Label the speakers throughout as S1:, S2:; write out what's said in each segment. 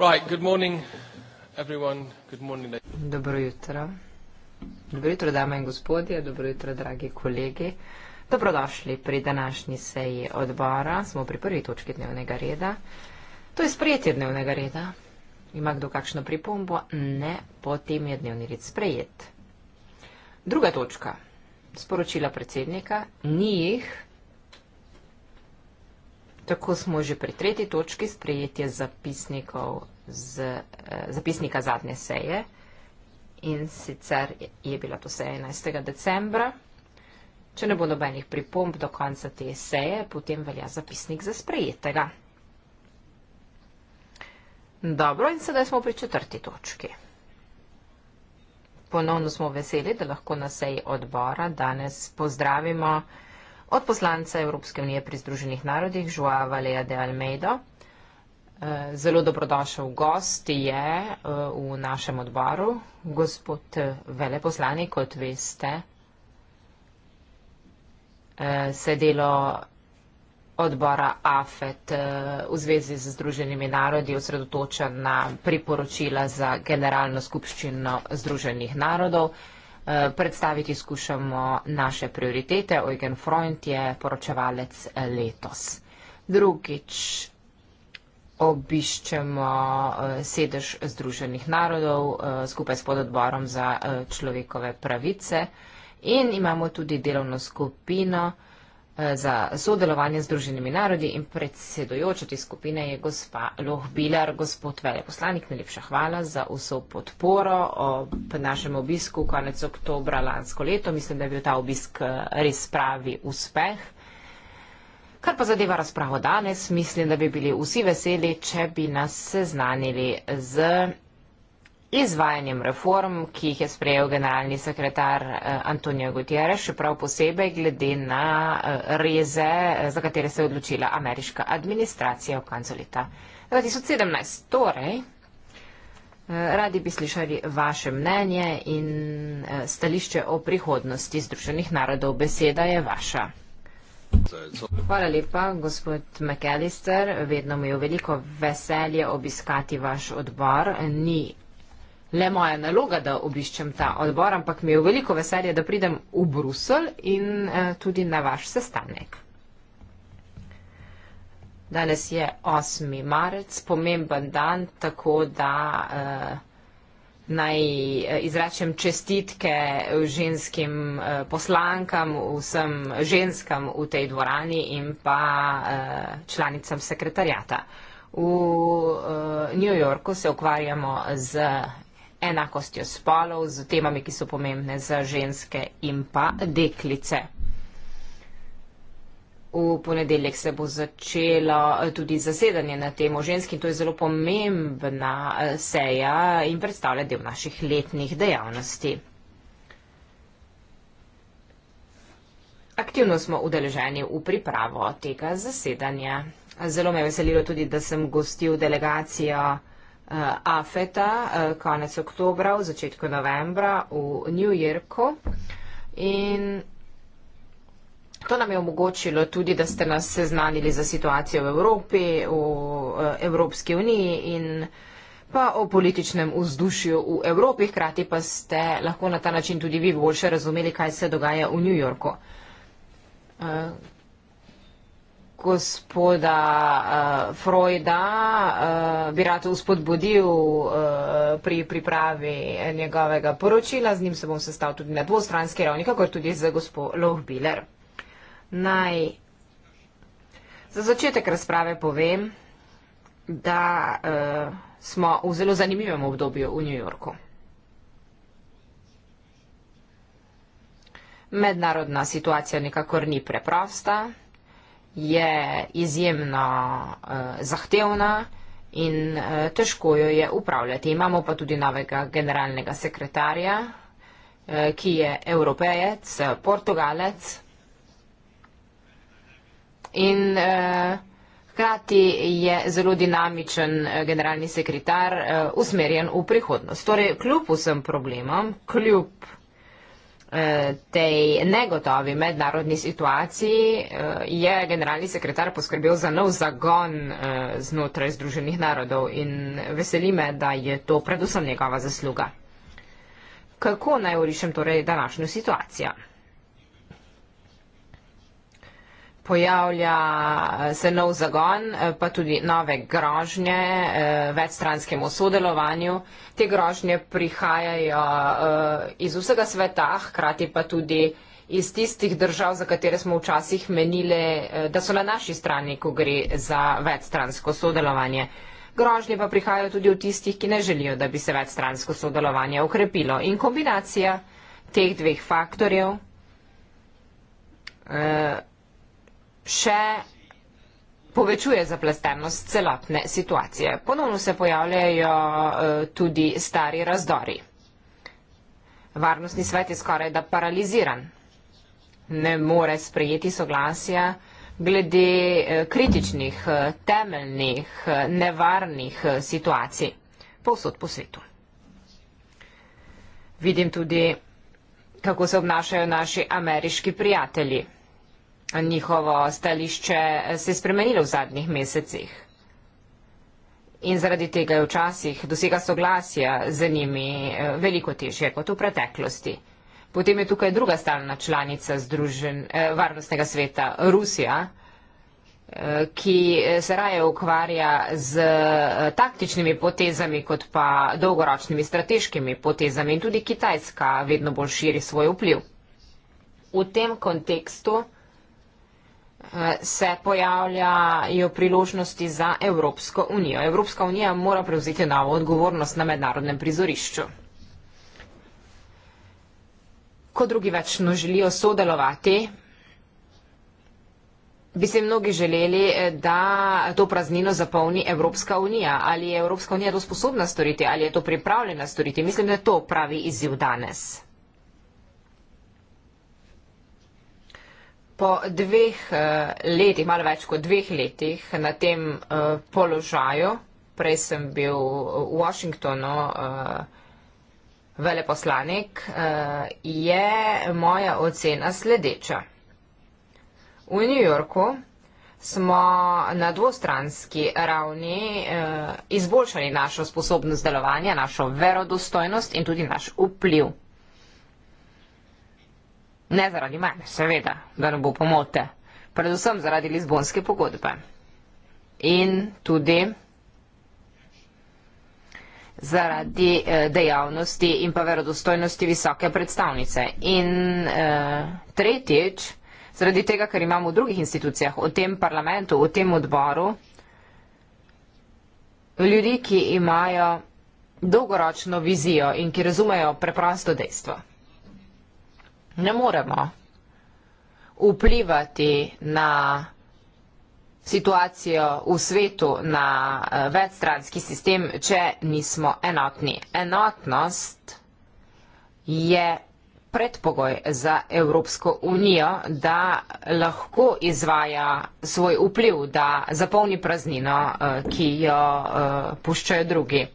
S1: Right. Good morning, everyone. Good morning, ladies. Dobro jutro. Dobro jutro, dame in gospodje, dobro jutro, dragi kolegi. Dobrodošli pri današnji seji odbora. Smo pri prvi točki dnevnega reda. To je sprejetje dnevnega reda. Ima kdo kakšno pripombo? Ne. Potem je dnevni red sprejet. Druga točka. Sporočila predsednika. Ni jih. Tako smo že pri tretji točki sprejetje z, eh, zapisnika zadnje seje in sicer je bila to seja 11. decembra. Če ne bo nobenih pripomb do konca te seje, potem velja zapisnik za sprejetega. Dobro, in sedaj smo pri četrti točki. Ponovno smo veseli, da lahko na seji odbora danes pozdravimo vsega, od poslanca Evropske unije pri Združenih narodih, Joao Valeja de Almeida. Eh, zelo dobrodošel gost je eh, v našem odboru, gospod eh, veleposlani, kot veste, se delo odbora AFET v zvezi z Združenimi narodi osredotoča na priporočila za Generalno skupščino Združenih narodov. Eh, predstaviti skušamo naše prioritete. Eugen Freund je poročevalec eh, letos. Drugič obiščemo eh, sedež Združenih narodov skupaj s pododborom za človekove pravice in imamo tudi delovno skupino, Eh, za sodelovanje z Združenimi narodi in predsedojoča te skupine je gospa Loh Bilar, gospod veleposlanik. Najlepša hvala za vso podporo ob našem obisku konec oktobra lansko leto. Mislim, da je bil ta obisk eh, res pravi uspeh. Kar pa zadeva razpravo danes, mislim, da bi bili vsi veseli, če bi nas seznanili z izvajanjem reform, ki jih je sprejel generalni sekretar eh, Antonijo Gutierrez, še prav posebej glede na eh, reze, eh, za katere se je odločila ameriška administracija v koncu leta 2017. Torej, radi bi slišali vaše mnenje in stališče o prihodnosti Združenih narodov. Beseda je vaša. Hvala lepa, gospod McAllister. Vedno mi je veliko veselje obiskati vaš odbor. Ni le moja naloga, da obiščem ta odbor, ampak mi je veliko veselje, da pridem v Brusel in eh, tudi na vaš sestanek. Danes je 8. marec, pomemben dan, tako da eh, naj eh, izračem čestitke ženskim poslankam, vsem ženskam v tej dvorani in pa članicam sekretarjata. V New Yorku se ukvarjamo z enakostjo spolov, z temami, ki so pomembne za ženske in pa deklice. V ponedeljek se bo začelo eh, tudi zasedanje na temo ženski in to je zelo pomembna eh, seja in predstavlja del naših letnih dejavnosti. Aktivno smo udeleženi v pripravo tega zasedanja. Zelo me je veselilo tudi, da sem gostil delegacijo uh, afeta uh, konec oktobra, v začetku novembra v New Yorku. In to nam je omogočilo tudi, da ste nas seznanili za situacijo v Evropi, v uh, Evropski uniji in pa o političnem vzdušju v Evropi, hkrati pa ste lahko na ta način tudi vi boljše razumeli, kaj se dogaja v New Yorku. Uh, gospoda uh, Freuda, uh, bi rad uspodbudil uh, eh, pri pripravi njegovega poročila. Z njim se bom sestal tudi na dvostranski ravni, kako tudi z gospod Lohbiler. Naj za začetek razprave povem, da uh, smo v zelo zanimivem obdobju v New Yorku. Mednarodna situacija nikakor ni preprosta je izjemno uh, zahtevna in uh, težko jo je upravljati. Imamo pa tudi novega generalnega sekretarja, uh, ki je evropejec, portugalec. In uh, hkrati je zelo dinamičen generalni sekretar uh, usmerjen v prihodnost. Torej, kljub vsem problemom, kljub. Eh, tej negotovi mednarodni situaciji eh, je generalni sekretar poskrbel za nov zagon eh, znotraj Združenih narodov in veseli me, da je to predvsem njegova zasluga. Kako naj orišem torej današnjo situacijo? pojavlja eh, se nov zagon, eh, pa tudi nove grožnje eh, večstranskemu sodelovanju. Te grožnje prihajajo iz vsega sveta, hkrati pa tudi iz tistih držav, za katere smo včasih menili, da so na naši strani, ko gre za večstransko sodelovanje. Grožnje pa prihajajo tudi od tistih, ki ne želijo, da bi se večstransko sodelovanje ukrepilo. In kombinacija teh dveh faktorjev še povečuje zaplastenost celotne situacije. Ponovno se pojavljajo eh, tudi stari razdori. Varnostni svet je skoraj da paraliziran. Ne more sprejeti soglasja glede eh, kritičnih, eh, temeljnih, nevarnih situacij povsod po svetu. Vidim tudi, kako se obnašajo naši ameriški prijatelji njihovo stališče se je spremenilo v zadnjih mesecih. In zaradi tega je včasih dosega soglasja z njimi eh, veliko težje kot v preteklosti. Potem je tukaj druga stalna članica Združen, eh, varnostnega sveta, Rusija, eh, ki se raje ukvarja z eh, taktičnimi potezami kot pa dolgoročnimi strateškimi potezami in tudi Kitajska vedno bolj širi svoj vpliv. V tem kontekstu se pojavljajo priložnosti za Evropsko unijo. Evropska unija mora prevzeti novo odgovornost na mednarodnem prizorišču. Ko drugi več no želijo sodelovati, bi se mnogi želeli, da to praznino zapolni Evropska unija. Ali je Evropska unija to sposobna storiti, ali je to pripravljena storiti? Mislim, da je to pravi izziv danes. Po dveh eh, letih, malo več kot dveh letih na tem eh, položaju, prej sem bil v Washingtonu eh, veleposlanik, je moja ocena sledeča. V New Yorku smo na dvostranski ravni izboljšali našo sposobnost delovanja, našo verodostojnost in tudi naš vpliv. Ne zaradi mene, seveda, da ne bo pomote. Predvsem zaradi Lizbonske pogodbe. In tudi zaradi eh, dejavnosti in pa verodostojnosti visoke predstavnice. In eh, tretjič, zaradi tega, ker imamo v drugih institucijah, v tem parlamentu, v tem odboru, ljudi, ki imajo dolgoročno vizijo in ki razumejo preprosto dejstvo ne moremo vplivati na situacijo v svetu, na eh, večstranski sistem, če nismo enotni. Enotnost je predpogoj za Evropsko unijo, da lahko izvaja svoj vpliv, da zapolni praznino, eh, ki jo eh, puščajo drugi.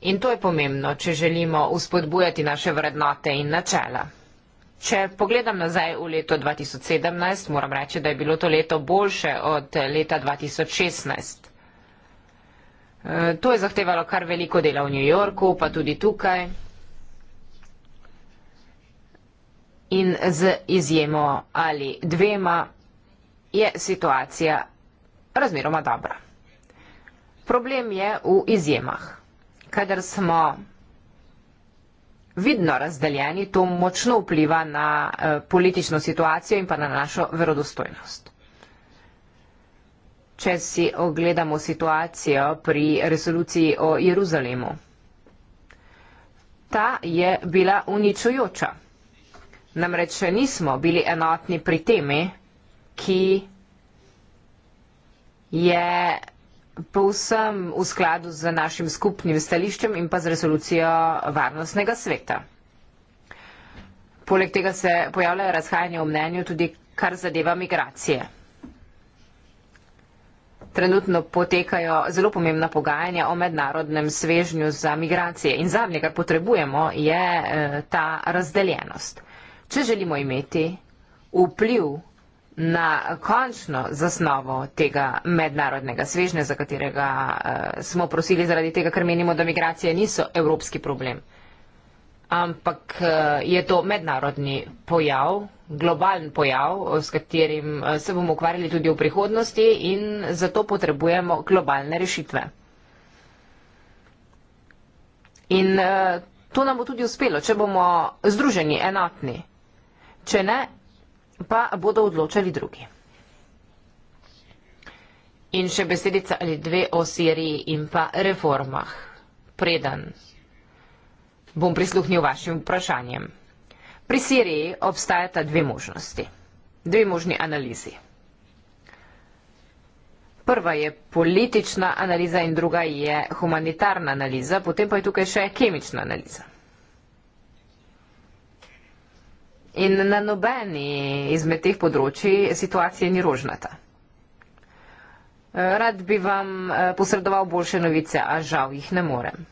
S1: In to je pomembno, če želimo uspodbujati naše vrednote in načela. Če pogledam nazaj v leto 2017, moram reči, da je bilo to leto boljše od leta 2016. E, to je zahtevalo kar veliko dela v New Yorku, pa tudi tukaj. In z izjemo ali dvema je situacija razmeroma dobra. Problem je v izjemah. Kadar smo vidno razdeljeni, to močno vpliva na eh, politično situacijo in pa na našo verodostojnost. Če si ogledamo situacijo pri resoluciji o Jeruzalemu, ta je bila uničujoča. Namreč nismo bili enotni pri temi, ki je povsem v skladu z našim skupnim stališčem in pa z resolucijo varnostnega sveta. Poleg tega se pojavljajo razhajanje v mnenju tudi kar zadeva migracije. Trenutno potekajo zelo pomembna pogajanja o mednarodnem svežnju za migracije in zadnje, kar potrebujemo, je eh, ta razdeljenost. Če želimo imeti vpliv na končno zasnovo tega mednarodnega svežne, za katerega uh, smo prosili zaradi tega, ker menimo, da migracije niso evropski problem. Ampak uh, je to mednarodni pojav, globalen pojav, s katerim uh, se bomo ukvarjali tudi v prihodnosti in zato potrebujemo globalne rešitve. In uh, to nam bo tudi uspelo, če bomo združeni, enotni. Če ne, pa bodo odločali drugi. In še besedica ali dve o Siriji in pa reformah. Predan bom prisluhnil vašim vprašanjem. Pri Siriji obstajata dve možnosti, dve možni analizi. Prva je politična analiza in druga je humanitarna analiza, potem pa je tukaj še kemična analiza. In na nobeni izmed teh področji situacija ni rožnata. E, rad bi vam e, posredoval boljše novice, a žal jih ne morem.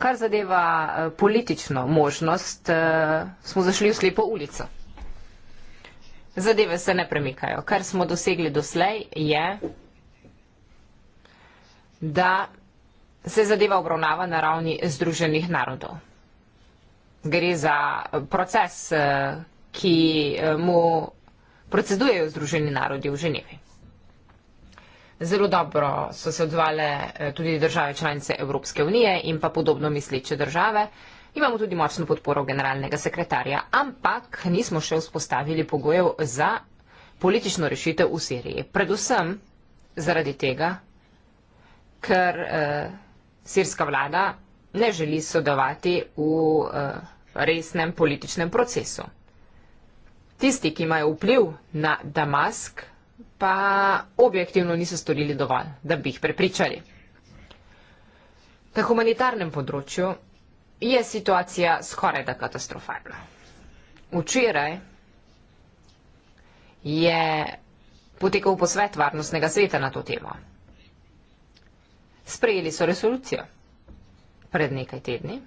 S1: Kar zadeva e, politično možnost, smo zašli v slepo ulico. Zadeve se ne premikajo. Kar smo dosegli doslej je, da se zadeva obravnava na ravni Združenih narodov gre za eh, proces, eh, ki eh, mu procedujejo Združeni narodi v Ženevi. Zelo dobro so se odzvale tudi države članice Evropske unije in pa podobno misleče države. Imamo tudi močno podporo generalnega sekretarja, ampak nismo še vzpostavili pogojev za politično rešitev v Siriji. Predvsem zaradi tega, ker uh, sirska vlada ne želi sodelovati v uh, resnem političnem procesu. Tisti, ki imajo vpliv na Damask, pa objektivno niso storili dovolj, da bi jih prepričali. Na humanitarnem področju je situacija skoraj da katastrofalna. Včeraj je potekal posvet Varnostnega sveta na to temo. Sprejeli so resolucijo pred nekaj tedni.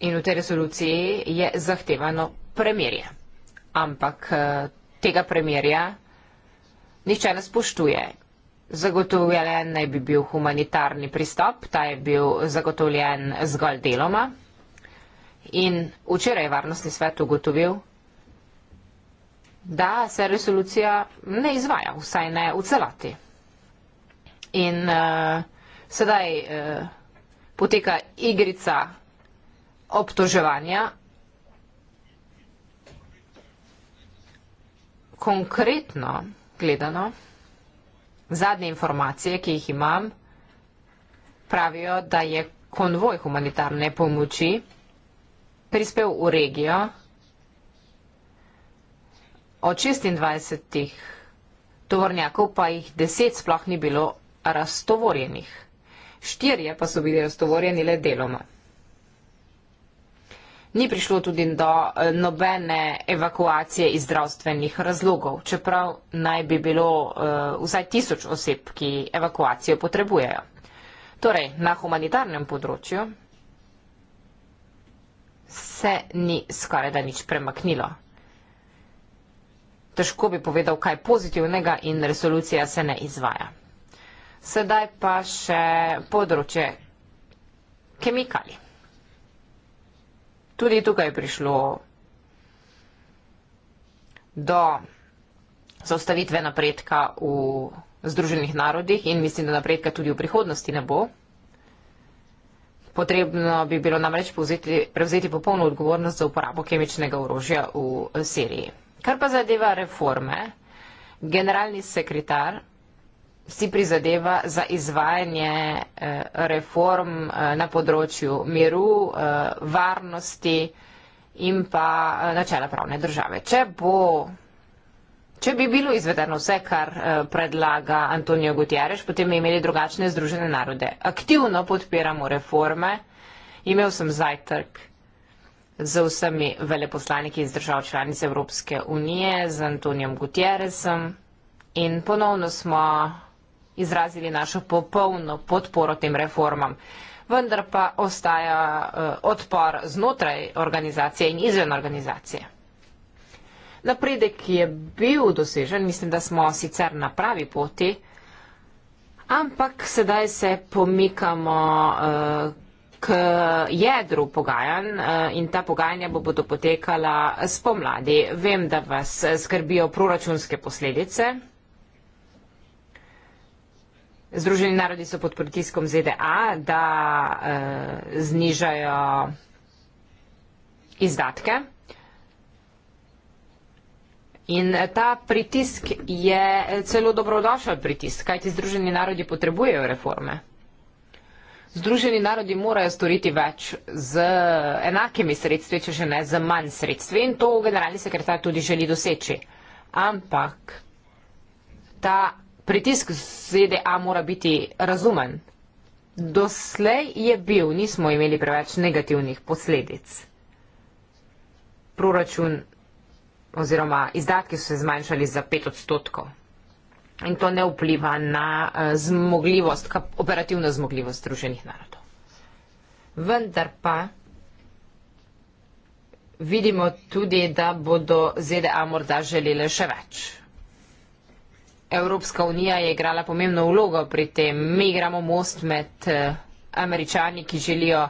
S1: In v tej resoluciji je zahtevano premirje. Ampak eh, tega premirja nišče ne spoštuje. Zagotovljen naj bi bil humanitarni pristop, ta je bil zagotovljen zgolj deloma. In včeraj je varnostni svet ugotovil, da se resolucija ne izvaja, vsaj ne v celoti. In uh, sedaj uh, poteka igrica obtoževanja, konkretno gledano, zadnje informacije, ki jih imam, pravijo, da je konvoj humanitarne pomoči prispel v regijo od 26 tovornjakov, pa jih 10 sploh ni bilo raztovorjenih. Štirje pa so bili raztovorjeni le deloma ni prišlo tudi do eh, nobene evakuacije iz zdravstvenih razlogov, čeprav naj bi bilo eh, vsaj tisoč oseb, ki evakuacijo potrebujejo. Torej, na humanitarnem področju se ni skoraj da nič premaknilo. Težko bi povedal, kaj pozitivnega in resolucija se ne izvaja. Sedaj pa še področje kemikalij tudi tukaj prišlo do zaustavitve napredka v Združenih narodih in mislim, da napredka tudi v prihodnosti ne bo. Potrebno bi bilo namreč povzeti, prevzeti popolno odgovornost za uporabo kemičnega orožja v Siriji. Kar pa zadeva reforme, generalni sekretar si prizadeva za izvajanje eh, reform eh, na področju miru, eh, varnosti in pa načela pravne države. Če, bo, če bi bilo izvedeno vse, kar predlaga Antonijo Gutjereš, potem bi imeli drugačne združene narode. Aktivno podpiramo reforme, imel sem zajtrk z vsemi veleposlaniki iz držav članic Evropske unije, z Antonijom Gutjeresom in ponovno smo izrazili našo popolno podporo tem reformam. Vendar pa ostaja eh, odpor znotraj organizacije in izven organizacije. Napredek, ki je bil dosežen, mislim, da smo sicer na pravi poti, ampak sedaj se pomikamo eh, k jedru pogajanj eh, in ta pogajanja bodo potekala spomladi. Vem, da vas skrbijo proračunske posledice Združeni narodi so pod pritiskom ZDA, da eh, znižajo izdatke. In ta pritisk je celo dobrodošel pritisk, kajti Združeni narodi potrebujejo reforme. Združeni narodi morajo storiti več z enakimi sredstvi, če že ne z manj sredstvi in to generalni sekretar tudi želi doseči. Ampak ta pritisk ZDA mora biti razumen. Doslej je bil, nismo imeli preveč negativnih posledic. Proračun oziroma izdatki so se zmanjšali za pet odstotkov. In to ne vpliva na eh, zmogljivost, operativno zmogljivost Združenih narodov. Vendar pa vidimo tudi, da bodo ZDA morda želele še več. Evropska unija je igrala pomembno vlogo pri tem. Mi igramo most med eh, američani, ki želijo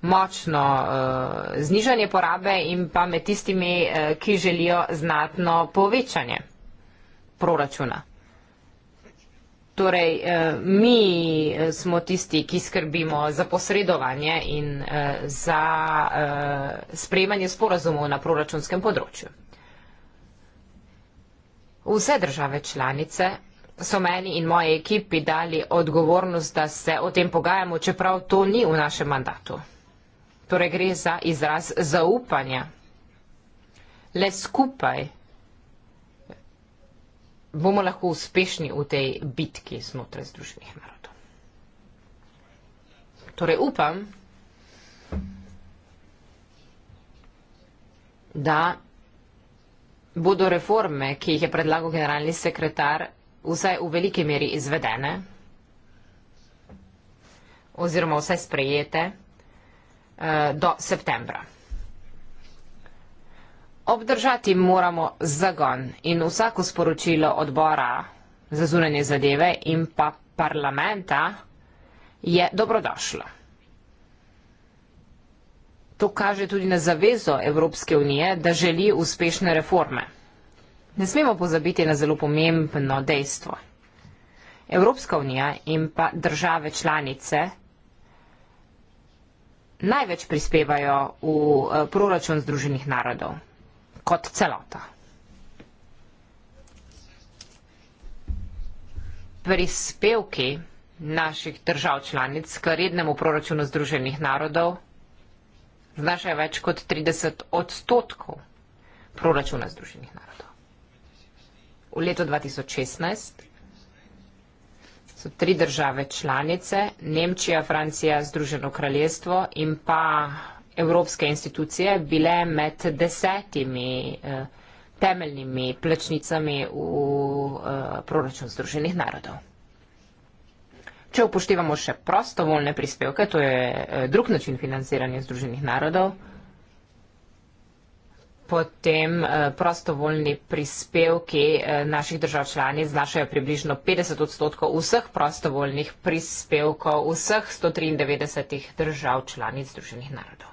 S1: močno uh, znižanje porabe in pa med tistimi, uh, ki želijo znatno povečanje proračuna. Torej, uh, mi smo tisti, ki skrbimo za posredovanje in uh, za uh, sprejemanje sporazumov na proračunskem področju. Vse države članice so meni in moji ekipi dali odgovornost, da se o tem pogajamo, čeprav to ni v našem mandatu. Torej gre za izraz zaupanja. Le skupaj bomo lahko uspešni v tej bitki znotraj združenih narodov. Torej upam, da Bodo reforme, ki jih je predlagal generalni sekretar, vsaj v veliki meri izvedene oziroma vse sprejete eh, do septembra. Obdržati moramo zagon in vsako sporočilo odbora za zunanje zadeve in pa parlamenta je dobrodošlo. To kaže tudi na zavezo Evropske unije, da želi uspešne reforme. Ne smemo pozabiti na zelo pomembno dejstvo. Evropska unija in pa države članice največ prispevajo v eh, proračun Združenih narodov kot celota. Prispevki naših držav članic k rednemu proračunu Združenih narodov znaša več kot 30 odstotkov proračuna Združenih narodov. V letu 2016 so tri države članice, Nemčija, Francija, Združeno kraljestvo in pa evropske institucije bile med desetimi eh, temeljnimi plačnicami v eh, proračun Združenih narodov. Če upoštevamo še prostovoljne prispevke, to je eh, drug način financiranja Združenih narodov, potem eh, prostovoljni prispevki eh, naših držav člani znašajo približno 50 odstotkov vseh prostovoljnih prispevkov vseh 193 držav člani Združenih narodov.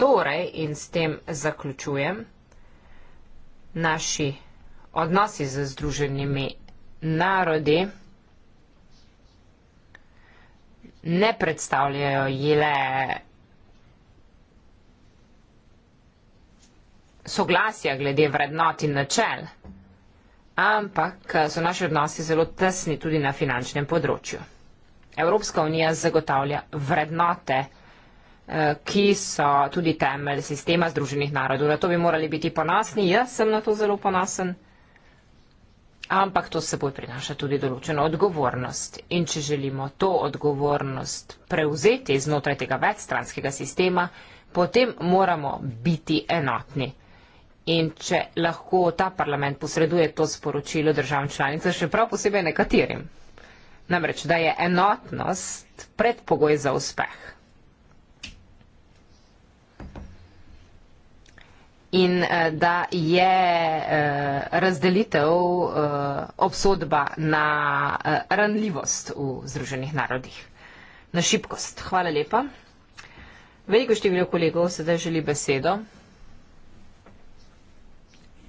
S1: Torej, in s tem zaključujem, naši odnosi z Združenimi narodi, ne predstavljajo jele soglasja glede vrednot in načel, ampak so naši odnosi zelo tesni tudi na finančnem področju. Evropska unija zagotavlja vrednote, eh, ki so tudi temelj sistema Združenih narodov. Na to bi morali biti ponosni, jaz sem na to zelo ponosen. Ampak to seboj prinaša tudi določeno odgovornost. In če želimo to odgovornost prevzeti znotraj tega večstranskega sistema, potem moramo biti enotni. In če lahko ta parlament posreduje to sporočilo državam članicam, še prav posebej nekaterim. Namreč, da je enotnost predpogoj za uspeh. in uh, da je uh, razdelitev uh, obsodba na uh, ranljivost v Združenih narodih, na šibkost. Hvala lepa. Veliko število kolegov sedaj želi besedo.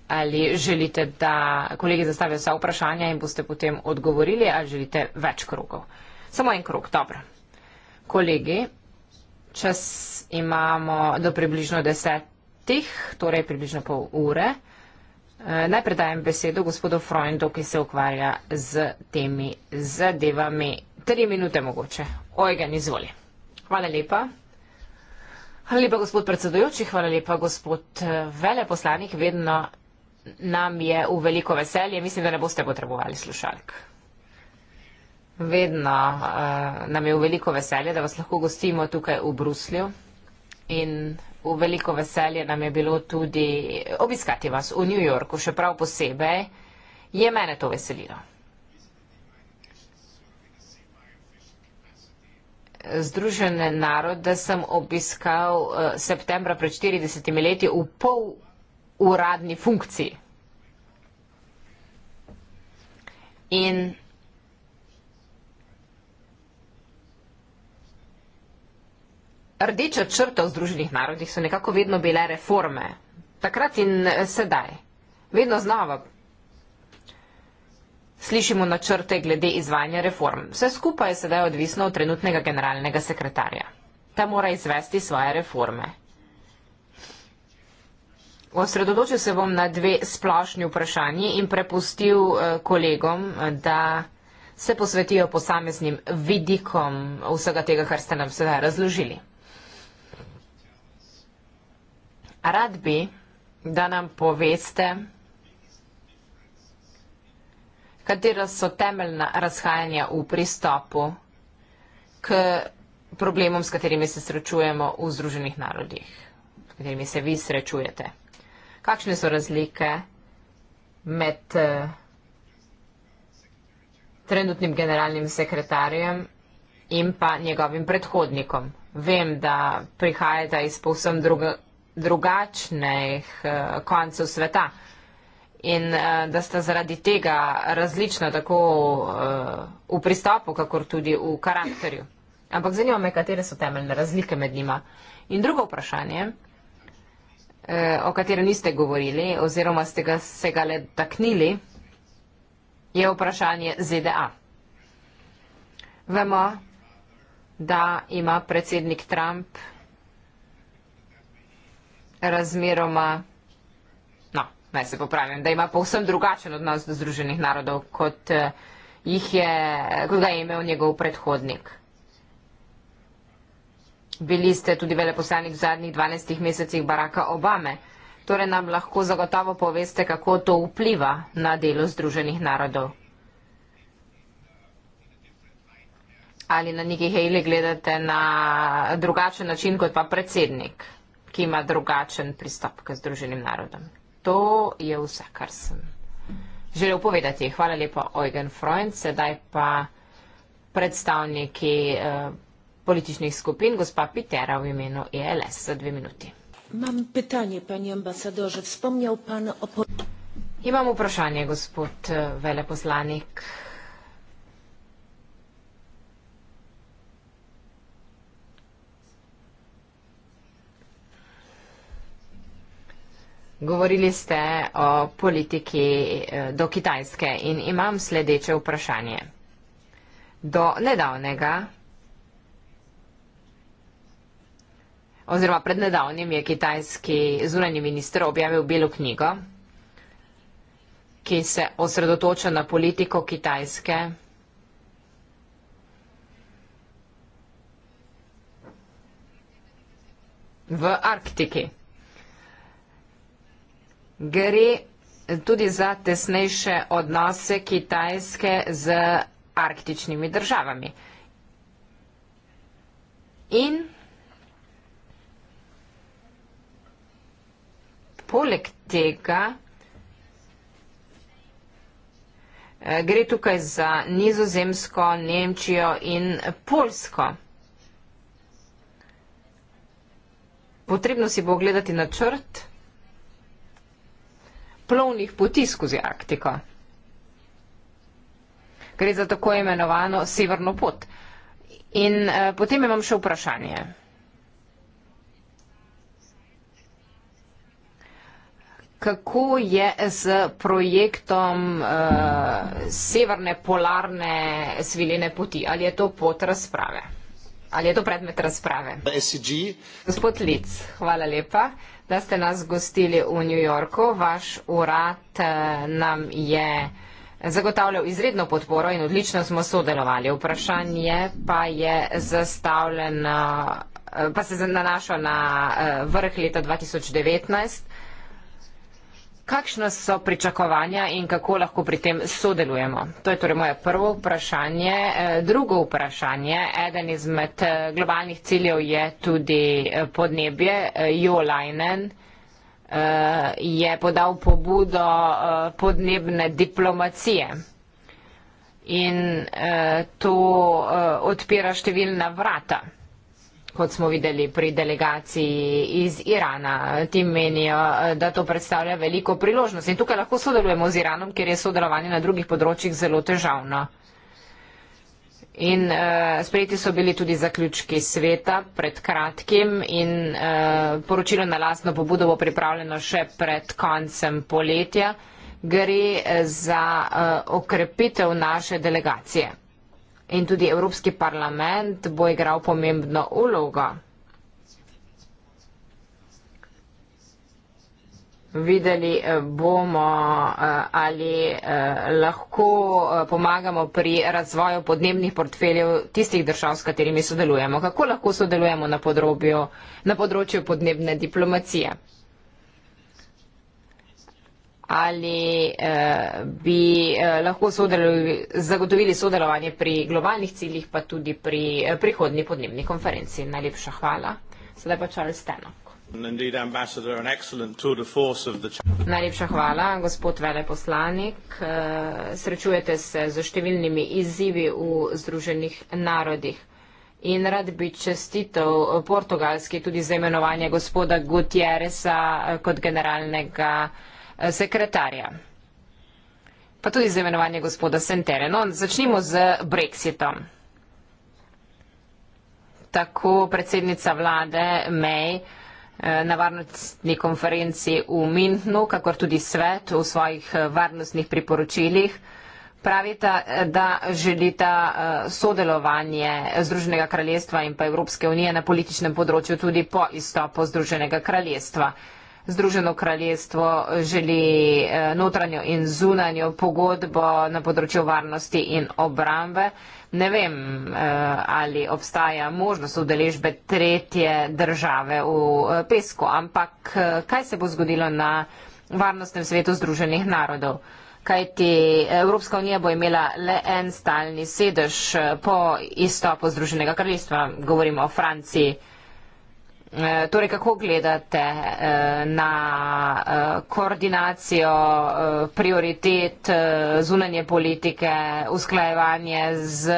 S1: Ali želite, da kolegi zastavijo vsa vprašanja in boste potem odgovorili, ali želite več krogov? Samo en krog, dobro. Kolegi, čas imamo do približno deset minutih, torej približno pol ure. Eh, najprej dajem besedo gospodu Freundu, ki se ukvarja z temi zadevami. Tri minute mogoče. Ojgen, izvoli. Hvala lepa. Hvala lepa, gospod predsedujoči, hvala lepa, gospod eh, veleposlanik. Vedno nam je v veliko veselje. Mislim, da ne boste potrebovali slušalk. Vedno uh, nam je v veliko veselje, da vas lahko gostimo tukaj v Bruslju in V veliko veselje nam je bilo tudi obiskati vas v New Yorku, še prav posebej je mene to veselilo. Združene narode sem obiskal eh, septembra pred 40 leti v pol uradni funkciji. In rdeča črta v Združenih narodih so nekako vedno bile reforme. Takrat in eh, sedaj. Vedno znova slišimo načrte glede izvajanja reform. Vse skupaj je sedaj odvisno od trenutnega generalnega sekretarja. Ta mora izvesti svoje reforme. Osredotočil se bom na dve splošni vprašanji in prepustil eh, kolegom, eh, da se posvetijo posameznim vidikom vsega tega, kar ste nam sedaj razložili. rad bi, da nam poveste, katera so temeljna razhajanja v pristopu k problemom, s katerimi se srečujemo v Združenih narodih, s katerimi se vi srečujete. Kakšne so razlike med eh, trenutnim generalnim sekretarjem in pa njegovim predhodnikom. Vem, da prihajata iz povsem druge, drugačnih eh, koncev sveta in eh, da sta zaradi tega različna tako eh, v pristopu, kakor tudi v karakterju. Ampak zanima me, katere so temeljne razlike med njima. In drugo vprašanje, o katerem niste govorili oziroma ste ga se ga le taknili, je vprašanje ZDA. Vemo, da ima predsednik Trump razmeroma, no, naj se popravim, da ima povsem drugačen odnos do Združenih narodov, kot eh, jih je, kot ga je imel njegov predhodnik. Bili ste tudi veleposlanik v zadnjih 12 mesecih Baraka Obame. Torej nam lahko zagotovo poveste, kako to vpliva na delo Združenih narodov. Ali na neki heli gledate na drugačen način kot pa predsednik? ki ima drugačen pristop k Združenim narodom. To je vse, kar sem želel povedati. Hvala lepa, Eugen Freund. Sedaj pa predstavniki eh, političnih skupin, gospa Pitera v imenu ELS za dve minuti. Imam vprašanje, panje ambasadorže, spomnil pan o. Imam vprašanje, gospod eh, veleposlanik. Govorili ste o politiki eh, do Kitajske in imam sledeče vprašanje. Do nedavnega, oziroma pred nedavnim je kitajski zunanji minister objavil belo knjigo, ki se osredotoča na politiko Kitajske v Arktiki gre tudi za tesnejše odnose Kitajske z arktičnimi državami. In poleg tega eh, gre tukaj za nizozemsko, Nemčijo in Polsko. Potrebno si bo gledati na črt, plovnih poti skozi Arktiko. Gre za tako imenovano severno pot. In eh, potem imam še vprašanje. Kako je z projektom eh, severne polarne sviline poti? Ali je to pot razprave? Ali je to predmet razprave? SG. Gospod Lic, hvala lepa da ste nas gostili v New Yorku. Vaš urad eh, nam je zagotavljal izredno podporo in odlično smo sodelovali. Vprašanje pa je zastavljeno, eh, pa se nanaša na eh, vrh leta 2019. Kakšna so pričakovanja in kako lahko pri tem sodelujemo? To je torej moje prvo vprašanje. E, drugo vprašanje, eden izmed e, globalnih ciljev je tudi e, podnebje. Jo Leinen je podal pobudo podnebne diplomacije. In to odpira številna vrata kot smo videli pri delegaciji iz Irana. Ti menijo, eh, da to predstavlja veliko priložnost in tukaj lahko sodelujemo z Iranom, ker je sodelovanje na drugih področjih zelo težavno. In uh, sprejeti so bili tudi zaključki sveta pred kratkim in uh, poročilo na lastno pobudo bo pripravljeno še pred koncem poletja. Gre za uh, okrepitev naše delegacije in tudi Evropski parlament bo igral pomembno ulogo. Videli eh, bomo, eh, ali eh, lahko pomagamo pri razvoju podnebnih portfeljev tistih držav, s katerimi sodelujemo. Kako lahko sodelujemo na, podrobju, na področju podnebne diplomacije? ali eh, bi eh, lahko zagotovili sodelovanje pri globalnih ciljih, pa tudi pri eh, prihodni podnebni konferenci. Najlepša hvala. Sedaj pa Charles Tenno. Indeed, an tour de force of the... Najlepša hvala, gospod veleposlanik. Srečujete se z številnimi izzivi v Združenih narodih. In rad bi čestitev portugalski tudi za imenovanje gospoda Gutierreza kot generalnega. Eh, sekretarja. Pa tudi za imenovanje gospoda Sentere. No, začnimo z Brexitom. Tako predsednica vlade May eh, na varnostni konferenci v Mintnu, kakor tudi svet v svojih eh, varnostnih priporočilih, pravita, da želita sodelovanje Združenega kraljestva in pa Evropske unije na političnem področju tudi po izstopu Združenega kraljestva. Združeno kraljestvo želi eh, notranjo in zunanjo pogodbo na področju varnosti in obrambe. Ne vem, eh, ali obstaja možnost udeležbe tretje države v eh, pesku, ampak kaj se bo zgodilo na varnostnem svetu Združenih narodov? Kajti Evropska unija bo imela le en stalni sedež po izstopu Združenega kraljestva, govorimo o Franciji. Eh, torej, kako gledate eh, na eh, koordinacijo prioritet zunanje politike, usklajevanje z,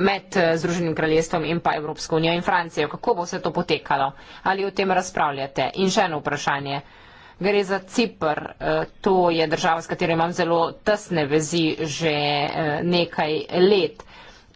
S1: med Združenim kraljestvom in pa Evropsko unijo in Francijo? Kako bo se to potekalo? Ali o tem razpravljate? In še eno vprašanje. Gre za Cipr. To je država, s katero imam zelo tesne vezi že nekaj let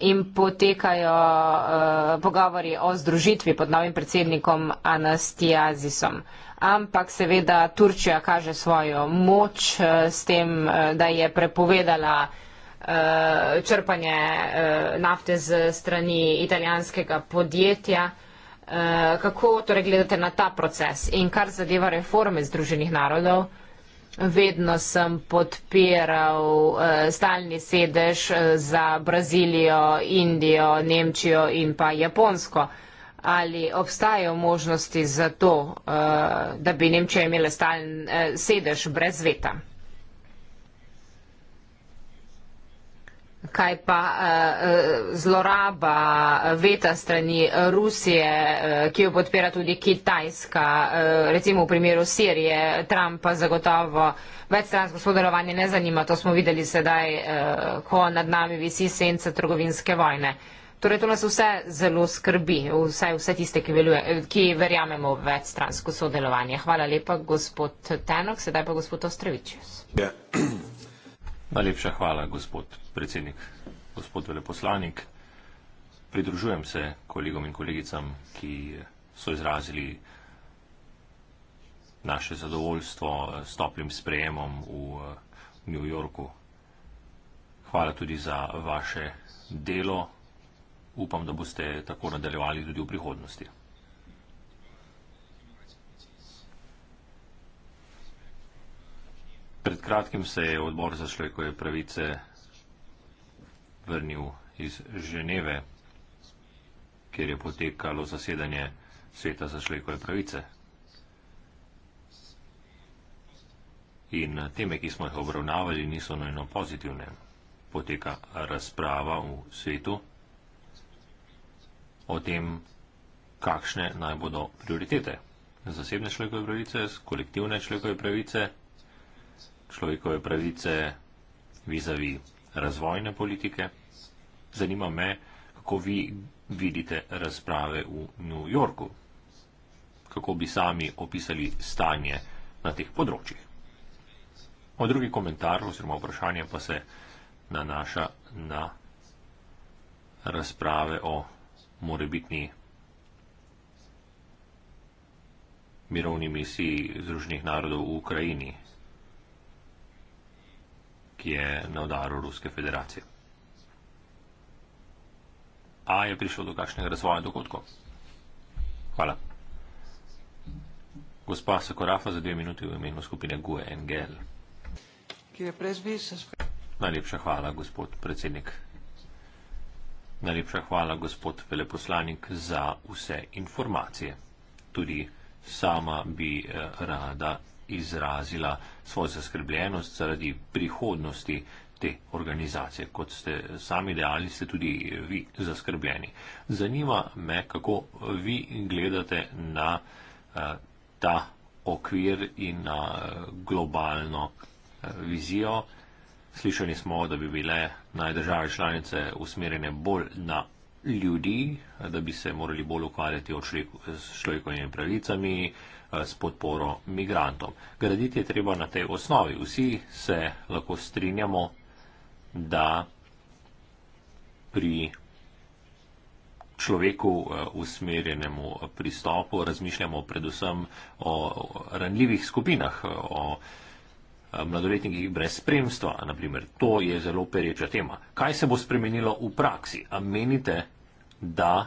S1: in potekajo uh, pogovori o združitvi pod novim predsednikom Anastiazisom. Ampak seveda Turčija kaže svojo moč uh, s tem, uh, da je prepovedala uh, črpanje uh, nafte z strani italijanskega podjetja. Uh, kako torej gledate na ta proces in kar zadeva reforme Združenih narodov? Uh, vedno sem podpiral eh, stalni sedež eh, za Brazilijo, Indijo, Nemčijo in pa Japonsko. Ali obstajajo možnosti za to, eh, da bi Nemčija imela stalni sedež brez veta? kaj pa eh, zloraba eh, veta strani Rusije, eh, ki jo podpira tudi Kitajska, recimo v primeru Sirije, Trumpa zagotovo večstransko sodelovanje ne zanima, to smo videli sedaj, ko nad nami visi senca trgovinske vojne. Torej, to nas vse zelo skrbi, vse, vse tiste, ki, veluje, ki verjamemo v večstransko sodelovanje. Hvala lepa, gospod Tenok, sedaj pa gospod Ostrevičius.
S2: Yeah. Ja. Najlepša hvala, gospod predsednik, gospod veleposlanik. Pridružujem se kolegom in kolegicam, ki so izrazili naše zadovoljstvo s toplim sprejemom v New Yorku. Hvala tudi za vaše delo. Upam, da boste tako nadaljevali tudi v prihodnosti. pred kratkim se je odbor za človekove pravice vrnil iz Ženeve, kjer je potekalo zasedanje sveta za človekove pravice. In teme, ki smo jih obravnavali, niso nojno pozitivne. Poteka razprava v svetu o tem, kakšne naj bodo prioritete. Zasebne človekove pravice, kolektivne človekove pravice človekove pravice vizavi razvojne politike. Zanima me, kako vi vidite razprave v New Yorku. Kako bi sami opisali stanje na teh področjih. O drugi komentar oziroma vprašanje pa se nanaša na razprave o morebitni mirovni misiji Združenih narodov v Ukrajini, ki je na udaru Ruske federacije. A je prišel do kakšnega razvoja dogodkov? Hvala. Gospa Sakorafa za dve minuti v imenu skupine GUE NGL. Najlepša hvala, gospod predsednik. Najlepša hvala, gospod veleposlanik, za vse informacije. Tudi sama bi eh, rada izrazila svojo zaskrbljenost zaradi prihodnosti te organizacije. Kot ste sami dejali, ste tudi vi zaskrbljeni. Zanima me, kako vi gledate na eh, ta okvir in na eh, globalno eh, vizijo. Slišali smo, da bi bile najdržave članice usmerjene bolj na ljudi, da bi se morali bolj ukvarjati s človekovimi pravicami, eh, s podporo migrantom. Graditi je treba na tej osnovi. Vsi se lahko strinjamo, da pri človeku eh, usmerjenemu pristopu razmišljamo predvsem o ranljivih skupinah, eh, o Eh, mladoletniki brez spremstva, naprimer, to je zelo pereča tema. Kaj se bo spremenilo v praksi? A menite, da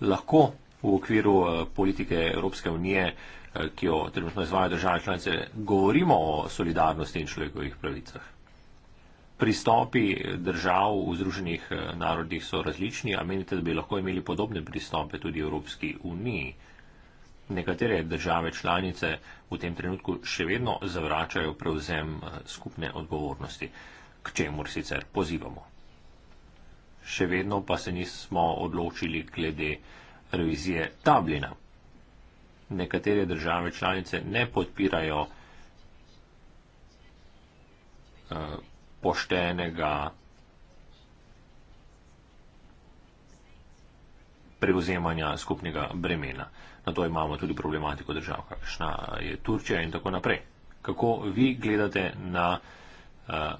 S2: lahko v okviru eh, politike Evropske unije, eh, ki jo trenutno izvaja države članice, govorimo o solidarnosti in človekovih pravicah? Pristopi držav v Združenih narodih so različni, a menite, da bi lahko imeli podobne pristope tudi Evropski uniji? nekatere države članice v tem trenutku še vedno zavračajo prevzem eh, skupne odgovornosti, k čemur sicer pozivamo. Še vedno pa se nismo odločili glede revizije Dublina. Nekatere države članice ne podpirajo eh, poštenega prevzemanja skupnega bremena na to imamo tudi problematiko držav, kakšna je Turčija in tako naprej. Kako vi gledate na eh,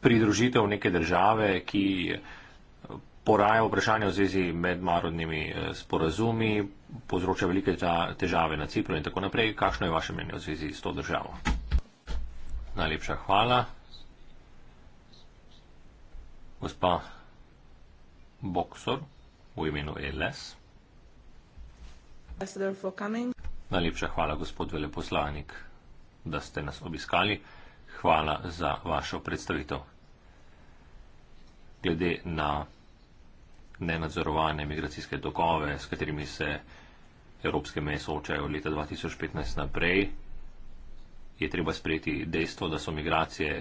S2: pridružitev neke države, ki eh, poraja vprašanje v zvezi mednarodnimi eh, sporazumi, povzroča velike težave na Cipru in tako naprej. Kakšno je vaše mnenje v zvezi s to državo? Najlepša hvala. Gospa Boksor v imenu e LS. E Najlepša hvala, gospod veleposlanik, da ste nas obiskali. Hvala za vašo predstavitev. Glede na nenadzorovane migracijske dogove, s katerimi se evropske meje soočajo od leta 2015 naprej, je treba sprejeti dejstvo, da so migracije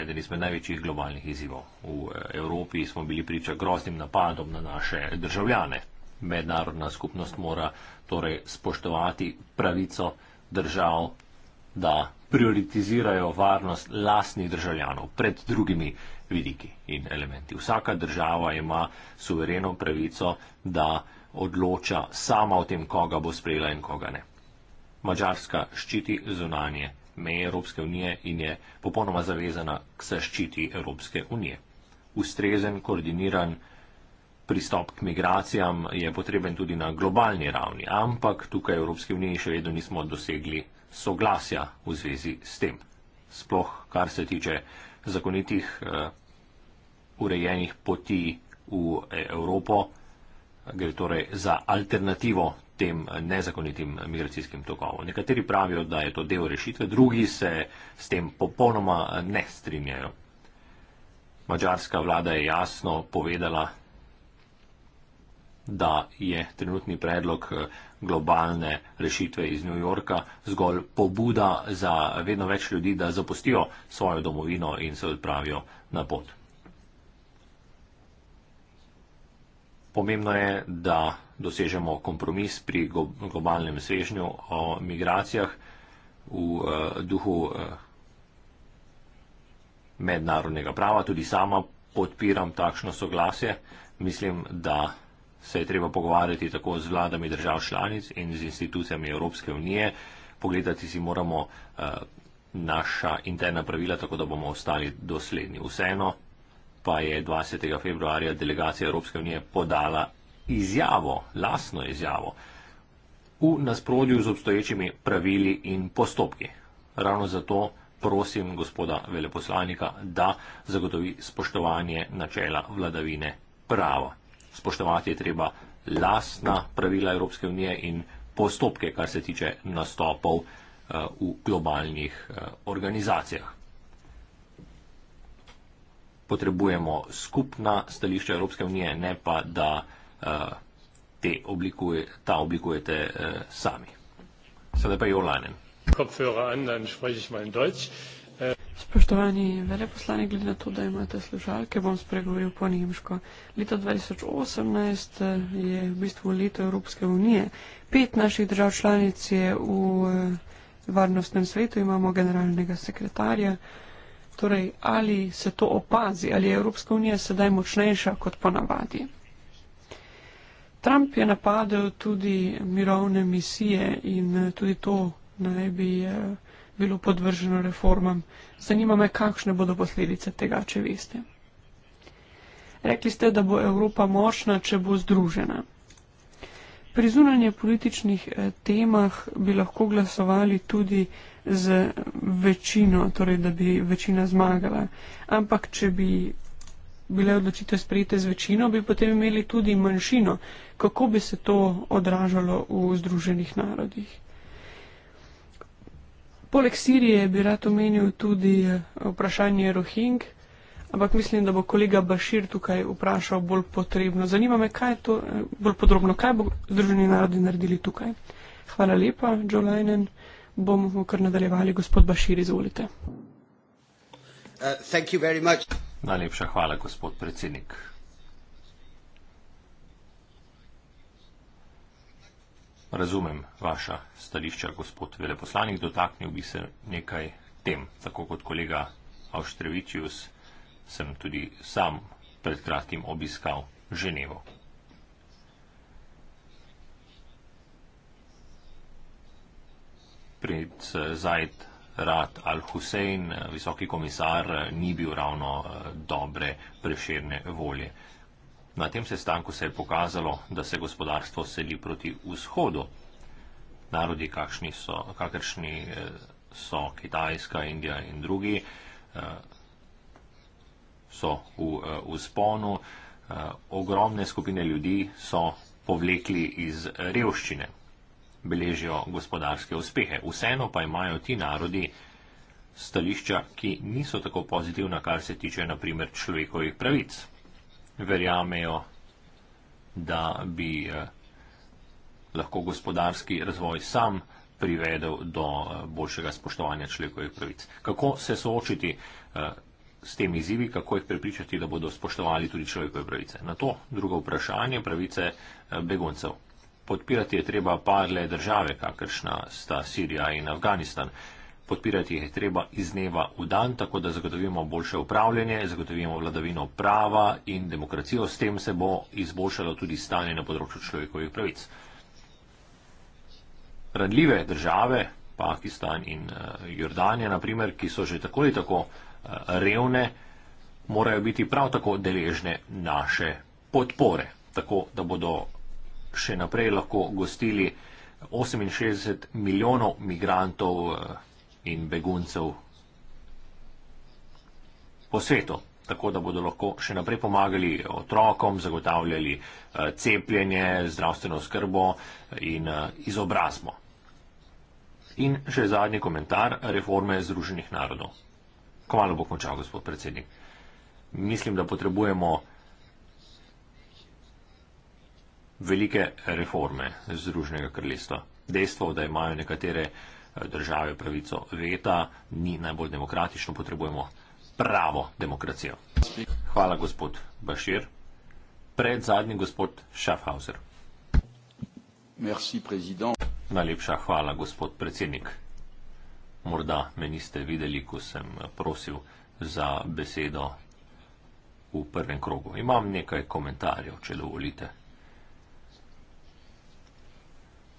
S2: eden izmed največjih globalnih izzivov. V Evropi smo bili priča groznim napadom na naše državljane mednarodna skupnost mora torej spoštovati pravico držav, da prioritizirajo varnost lastnih državljanov pred drugimi vidiki in elementi. Vsaka država ima suvereno pravico, da odloča sama o tem, koga bo sprejela in koga ne. Mačarska ščiti zunanje meje Evropske unije in je popolnoma zavezana k zaščiti Evropske unije. Ustrezen, koordiniran, pristop k migracijam je potreben tudi na globalni ravni, ampak tukaj v Evropski uniji še vedno nismo dosegli soglasja v zvezi s tem. Sploh, kar se tiče zakonitih uh, urejenih poti v eh, Evropo, gre torej za alternativo tem eh, nezakonitim migracijskim tokovom. Nekateri pravijo, da je to del rešitve, drugi se s tem popolnoma ne strinjajo. Mačarska vlada je jasno povedala, da je trenutni predlog eh, globalne rešitve iz New Yorka zgolj pobuda za vedno več ljudi, da zapustijo svojo domovino in se odpravijo na pot. Pomembno je, da dosežemo kompromis pri globalnem svežnju o migracijah v eh, duhu eh, mednarodnega prava. Tudi sama podpiram takšno soglasje. Mislim, da se je treba pogovarjati tako z vladami držav članic in z institucijami Evropske unije, pogledati si moramo uh, naša interna pravila, tako da bomo ostali dosledni. Vseeno pa je 20. februarja delegacija Evropske unije podala izjavo, lasno izjavo, v nasprotju z obstoječimi pravili in postopki. Ravno zato prosim gospoda veleposlanika, da zagotovi spoštovanje načela vladavine prava spoštovati je treba lasna pravila Evropske unije in postopke, kar se tiče nastopov eh, v globalnih eh, organizacijah. Potrebujemo skupna stališča Evropske unije, ne pa da eh, te oblikuje, ta oblikujete sami. Sedaj pa je Olanen. Kopfhörer an, dann spreche ich mal in Deutsch.
S3: Spoštovani veleposlanik, glede na to, da imate slušalke, bom spregovoril po nemško. Leto 2018 eh, je v bistvu leto Evropske unije. Pet naših držav članic je v eh, varnostnem svetu, imamo generalnega sekretarja. Torej, ali se to opazi, ali je Evropska unija sedaj močnejša kot ponavadi? Trump je napadel tudi mirovne misije in eh, tudi to naj bi. Eh, bilo podvrženo reformam. Zanima me, kakšne bodo posledice tega, če veste. Rekli ste, da bo Evropa močna, če bo združena. Pri zunanje političnih eh, temah bi lahko glasovali tudi z večino, torej da bi večina zmagala. Ampak, če bi bile odločitve sprejete z večino, bi potem imeli tudi manjšino. Kako bi se to odražalo v združenih narodih? Poleg Sirije bi rad omenil tudi eh, vprašanje Rohing, ampak mislim, da bo kolega Bašir tukaj vprašal bolj potrebno. Zanima me, kaj je to eh, bolj podrobno, kaj bo Združeni narodi naredili tukaj. Hvala lepa, Joe Leinen. Bomo kar nadaljevali, gospod Bašir, izvolite.
S1: Uh,
S2: Najlepša hvala, gospod predsednik. Razumem vaša stališča, gospod veleposlanik. Dotaknil bi se nekaj tem. Tako kot kolega Avštrevičius sem tudi sam pred kratkim obiskal Ženevo. Pred eh, Zajd Rad Al-Husein, eh, visoki komisar, eh, ni bil ravno dobre preširne volje. Na tem sestanku se je pokazalo, da se gospodarstvo seli proti vzhodu. Narodi, kakšni so, kakršni eh, so Kitajska, Indija in drugi, eh, so v usponu. Eh, ogromne skupine ljudi so povlekli iz revščine, beležijo gospodarske uspehe. Vseeno pa imajo ti narodi stališča, ki niso tako pozitivna, kar se tiče naprimer človekovih pravic verjamejo, da bi eh, lahko gospodarski razvoj sam privedel do eh, boljšega spoštovanja človekovih pravic. Kako se soočiti eh, s temi izzivi, kako jih prepričati, da bodo spoštovali tudi človekove pravice? Na to drugo vprašanje, pravice beguncev. Podpirati je treba padle države, kakršna sta Sirija in Afganistan. Podpirati jih je treba iz dneva v dan, tako da zagotovimo boljše upravljanje, zagotovimo vladavino prava in demokracijo. S tem se bo izboljšalo tudi stanje na področju človekovih pravic. Ranljive države, Pakistan in eh, Jordanija, naprimer, ki so že tako ali tako eh, revne, morajo biti prav tako deležne naše podpore, tako da bodo še naprej lahko gostili 68 milijonov migrantov. Eh, in beguncev po svetu, tako da bodo lahko še naprej pomagali otrokom, zagotavljali eh, cepljenje, zdravstveno skrbo in eh, izobrazbo. In še zadnji komentar reforme Združenih narodov. Komalo bo končal, gospod predsednik. Mislim, da potrebujemo velike reforme Združenega kraljestva. Dejstvo, da imajo nekatere uh, države pravico veta, ni najbolj demokratično, potrebujemo pravo demokracijo. Hvala, gospod Bašir. Pred zadnji gospod Schaffhauser. Merci, Najlepša hvala, gospod predsednik. Morda me niste videli, ko sem prosil za besedo v prvem krogu. Imam nekaj komentarjev, če dovolite.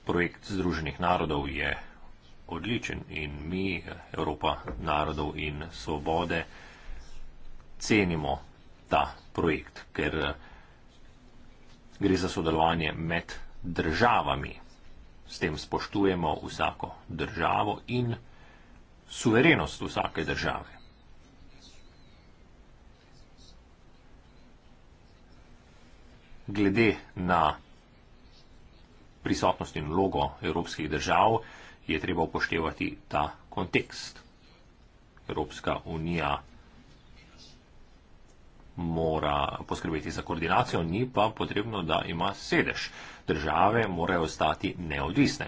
S2: Projekt Združenih narodov je odličen in mi, Evropa narodov in svobode, cenimo ta projekt, ker eh, gre za sodelovanje med državami. S tem spoštujemo vsako državo in suverenost vsake države. Glede na prisotnost in vlogo evropskih držav, je treba upoštevati ta kontekst. Evropska unija mora poskrbeti za koordinacijo, ni pa potrebno, da ima sedež. Države morajo ostati neodvisne.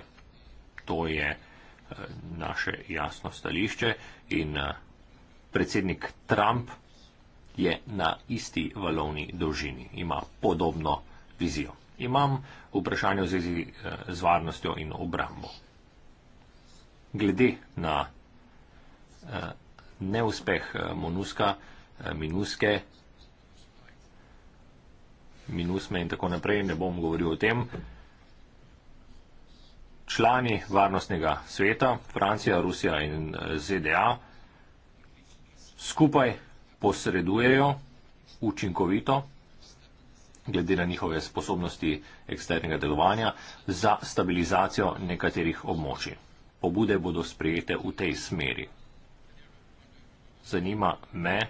S2: To je eh, naše jasno stališče in eh, predsednik Trump je na isti valovni dolžini, ima podobno vizijo. Imam vprašanje v zvezi eh, z varnostjo in obrambo glede na uh, neuspeh uh, Monuska, uh, Minuske, Minusme in tako naprej, ne bom govoril o tem. Člani varnostnega sveta, Francija, Rusija in ZDA, skupaj posredujejo učinkovito, glede na njihove sposobnosti eksternega delovanja, za stabilizacijo nekaterih območij pobude bodo sprejete v tej smeri. Zanima me,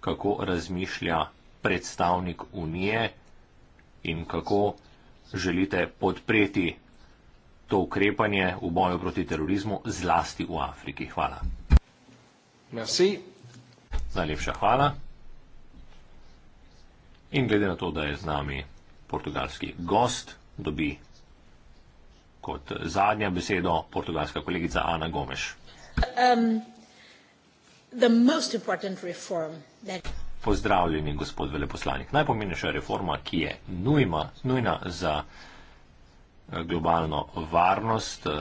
S2: kako razmišlja predstavnik Unije in kako želite podpreti to ukrepanje v boju proti terorizmu, zlasti v Afriki. Hvala. Merci. Najlepša hvala. In glede na to, da je z nami portugalski gost, dobi kot zadnja besedo portugalska kolegica Ana Gomeš. Um, Pozdravljeni, gospod veleposlanik. Najpomembnejša reforma, ki je nujma, nujna za eh, globalno varnost eh,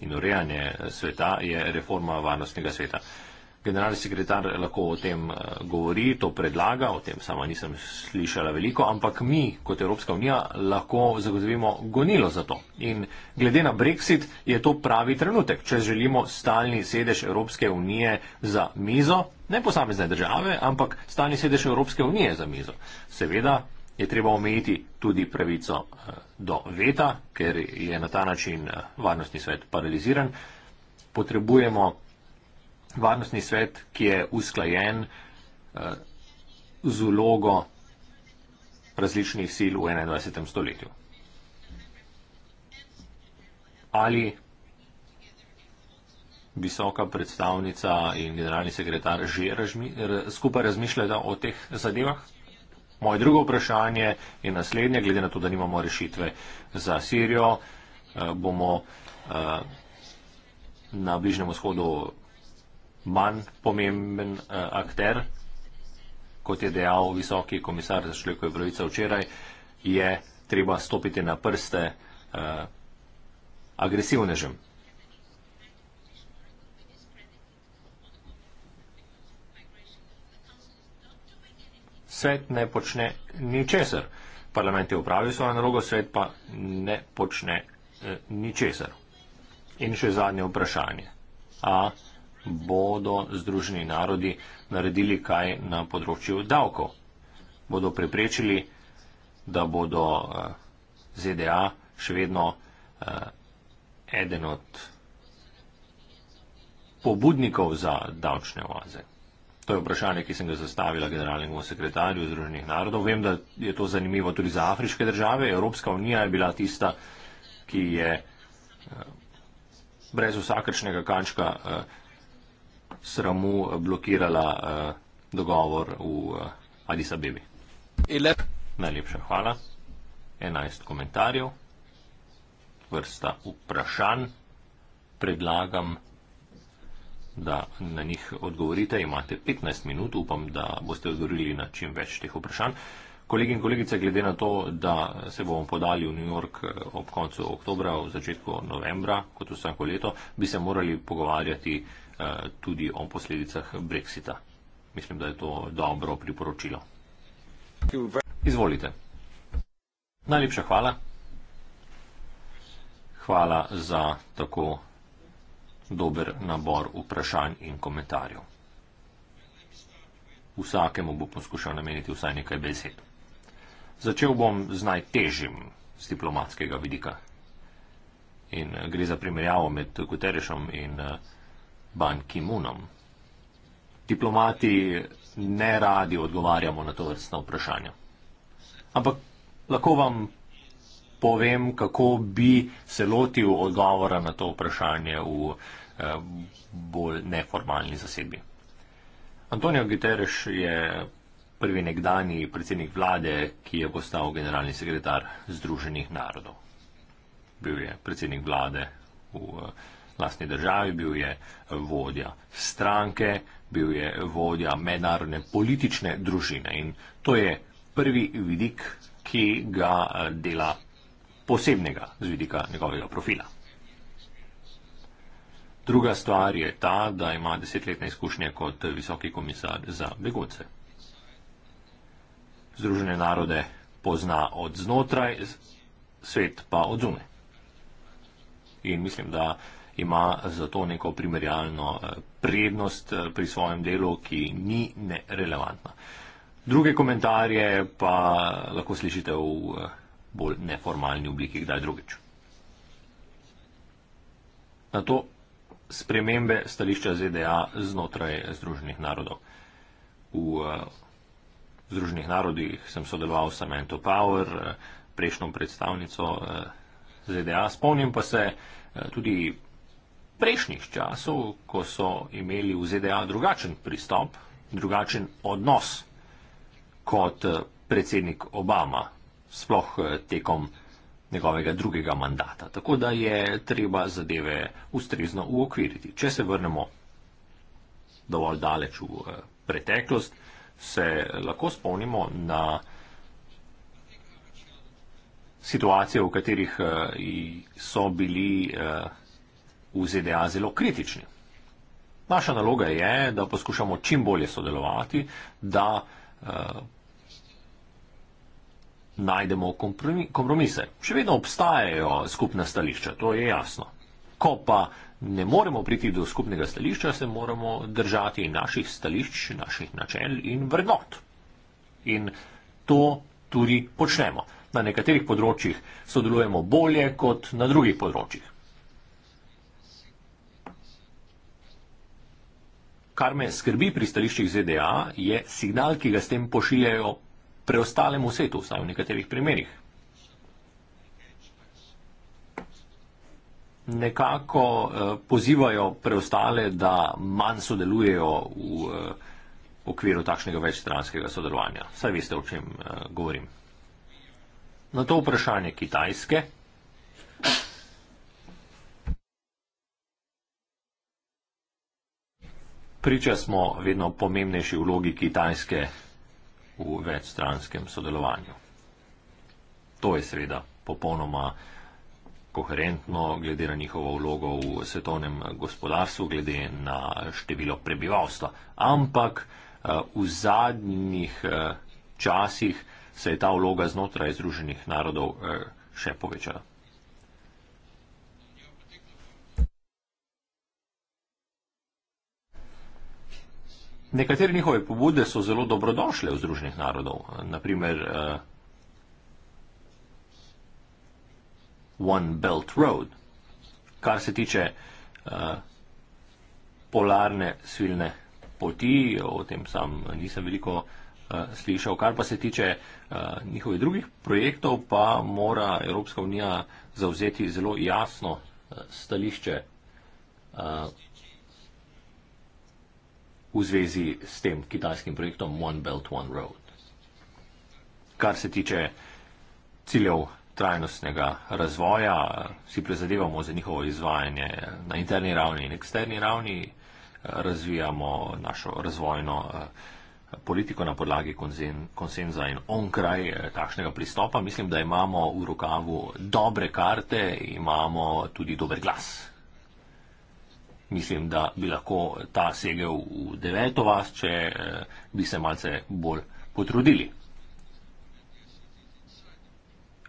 S2: in urejanje eh, sveta, je reforma varnostnega sveta. Uh, Generalni sekretar lahko o tem eh, govori, to predlaga, o tem sama nisem slišala veliko, ampak mi kot Evropska unija lahko zagotovimo gonilo za to. In glede na Brexit je to pravi trenutek, če želimo stalni sedež Evropske unije za mizo, ne posamezne države, ampak stalni sedež Evropske unije za mizo. Seveda je treba omejiti tudi pravico eh, do veta, ker je na ta način eh, varnostni svet paraliziran. Potrebujemo varnostni svet, ki je usklajen eh, z ulogo različnih sil v 21. stoletju. Ali visoka predstavnica in generalni sekretar že razmi, skupaj razmišljajo o teh zadevah? Moje drugo vprašanje je naslednje, glede na to, da nimamo rešitve za Sirijo, eh, bomo eh, na Bližnjem vzhodu manj pomemben uh, akter, kot je dejal visoki komisar za človekove pravice včeraj, je treba stopiti na prste uh, agresivnežem. Svet ne počne ničesar. Parlament je upravil svojo nalogo, svet pa ne počne eh, ničesar. In še zadnje vprašanje. A, bodo Združeni narodi naredili kaj na področju davkov. Bodo preprečili, da bodo eh, ZDA še vedno eh, eden od pobudnikov za davčne oaze. To je vprašanje, ki sem ga zastavila generalnemu sekretarju Združenih narodov. Vem, da je to zanimivo tudi za afriške države. Evropska unija je bila tista, ki je eh, brez vsakršnega kančka eh, sramu eh, blokirala uh, dogovor v uh, Addis Abebi. Lep. Najlepša hvala. 11 komentarjev, vrsta vprašanj. Predlagam, da na njih odgovorite. Imate 15 minut, upam, da boste odgovorili na čim več teh vprašanj. Kolegi in kolegice, glede na to, da se bomo podali v New York ob koncu oktobra, v začetku novembra, kot vsako leto, bi se morali pogovarjati uh, Eh, tudi o posledicah brexita. Mislim, da je to dobro priporočilo. Izvolite. Najlepša hvala. Hvala za tako dober nabor vprašanj in komentarjev. Vsakemu bo poskušal nameniti vsaj nekaj besed. Začel bom z najtežjim z diplomatskega vidika. In eh, gre za primerjavo med Guterrešom in uh, Ban Ki-moonom. Diplomati ne radi odgovarjamo na to vrstno vprašanje. Ampak lahko vam povem, kako bi se lotil odgovora na to vprašanje v eh, bolj neformalni zasedbi. Antonijo Guterres je prvi nekdani predsednik vlade, ki je postal generalni sekretar Združenih narodov. Bil je predsednik vlade v eh, vlastni državi, bil je vodja stranke, bil je vodja mednarodne politične družine. In to je prvi vidik, ki ga eh, dela posebnega z vidika njegovega profila. Druga stvar je ta, da ima desetletne izkušnje kot visoki komisar za begunce. Združene narode pozna od znotraj, svet pa od zune. In mislim, da uh, ima zato neko primerjalno eh, prednost eh, pri svojem delu, ki ni relevantna. Druge komentarje pa lahko slišite v eh, bolj neformalni obliki, kdaj drugič. Na to spremembe stališča ZDA znotraj Združenih narodov. V Združenih narodih sem sodeloval s Samantha Power, prejšnjo predstavnico ZDA. Spomnim pa se tudi prejšnjih časov, ko so imeli v ZDA drugačen pristop, drugačen odnos kot eh, predsednik Obama, sploh eh, tekom njegovega drugega mandata. Tako da je treba zadeve ustrezno uokviriti. Če se vrnemo dovolj daleč v eh, preteklost, se lahko spomnimo na situacije, v katerih so bili v ZDA zelo kritični. Naša naloga je, da poskušamo čim bolje sodelovati, da eh, najdemo kompromise. Še vedno obstajajo skupna stališča, to je jasno. Ko pa ne moremo priti do skupnega stališča, se moramo držati naših stališč, naših načel in vrednot. In to tudi počnemo. Na nekaterih področjih sodelujemo bolje kot na drugih področjih. kar me skrbi pri stališčih ZDA, je signal, ki ga s tem pošiljajo preostalemu svetu, vsaj v nekaterih primerjih. Nekako eh, pozivajo preostale, da manj sodelujejo v eh, okviru takšnega večstranskega sodelovanja. Saj veste, o čem eh, govorim. Na to vprašanje Kitajske. priča smo vedno pomembnejši vlogi Kitajske v večstranskem sodelovanju. To je seveda popolnoma koherentno glede na njihovo vlogo v svetovnem gospodarstvu, glede na število prebivalstva. Ampak eh, v zadnjih eh, časih se je ta vloga znotraj Združenih narodov eh, še povečala. Nekatere njihove pobude so zelo dobrodošle v Združenih narodov. Naprimer, uh, eh, One Belt Road, kar se tiče uh, polarne svilne poti, o tem sam nisem veliko uh, slišal. Kar pa se tiče uh, njihovih drugih projektov, pa mora Evropska unija zauzeti zelo jasno uh, stališče. Uh, v zvezi s tem kitajskim projektom One Belt, One Road. Kar se tiče ciljev trajnostnega razvoja, si prizadevamo za njihovo izvajanje na interni ravni in eksterni ravni, razvijamo našo razvojno eh, politiko na podlagi konsenza in onkraj eh, takšnega pristopa. Mislim, da imamo v rokavu dobre karte, imamo tudi dober glas mislim, da bi lahko ta segel v deveto vas, če eh, bi se malce bolj potrudili.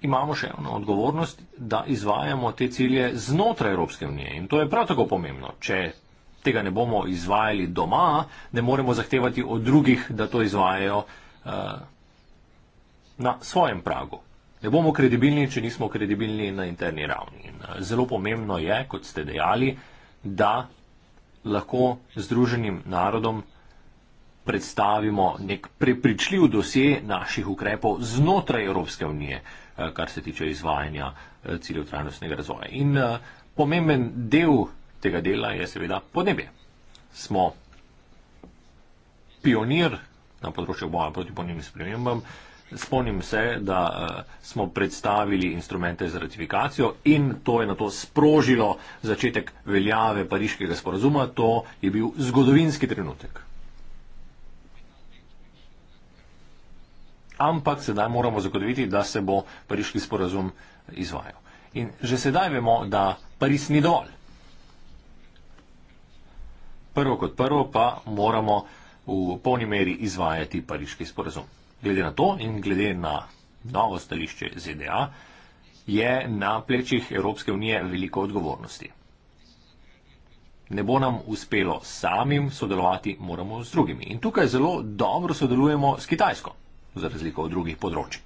S2: Imamo še eno odgovornost, da izvajamo te cilje znotraj Evropske unije in to je prav tako pomembno. Če tega ne bomo izvajali doma, ne moremo zahtevati od drugih, da to izvajajo uh, na svojem pragu. Ne bomo kredibilni, če nismo kredibilni na interni ravni. In eh, zelo pomembno je, kot ste dejali, uh, da lahko Združenim narodom predstavimo nek prepričljiv dosje naših ukrepov znotraj Evropske unije, eh, kar se tiče izvajanja eh, ciljev trajnostnega razvoja. In eh, pomemben del tega dela je seveda podnebje. Smo pionir na področju boja proti podnebnim spremembam. Spomnim se, da uh, smo predstavili instrumente za ratifikacijo in to je na to sprožilo začetek veljave pariškega sporazuma. To je bil zgodovinski trenutek. Ampak sedaj moramo zagotoviti, da se bo pariški sporazum izvajal. In že sedaj vemo, da Pariz ni dol. Prvo kot prvo pa moramo v polni meri izvajati pariški sporazum glede na to in glede na novo stališče ZDA, je na plečih Evropske unije veliko odgovornosti. Ne bo nam uspelo samim sodelovati, moramo z drugimi. In tukaj zelo dobro sodelujemo s Kitajsko, za razliko od drugih področji.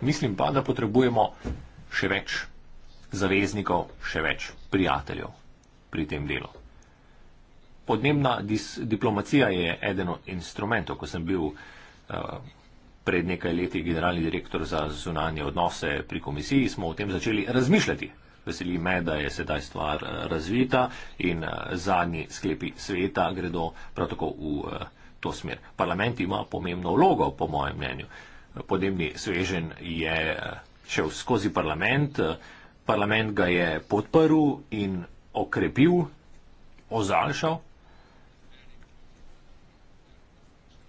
S2: Mislim pa, da potrebujemo še več zaveznikov, še več prijateljev pri tem delu. Podnebna diplomacija je eden od instrumentov, ko sem bil uh, pred nekaj leti generalni direktor za zunanje odnose pri komisiji, smo o tem začeli razmišljati. Veseli me, da je sedaj stvar eh, razvita in eh, zadnji sklepi sveta gredo prav tako v eh, to smer. Parlament ima pomembno vlogo, po mojem mnenju. Podnebni svežen je šel skozi parlament, parlament ga je podprl in okrepil, ozaljšal.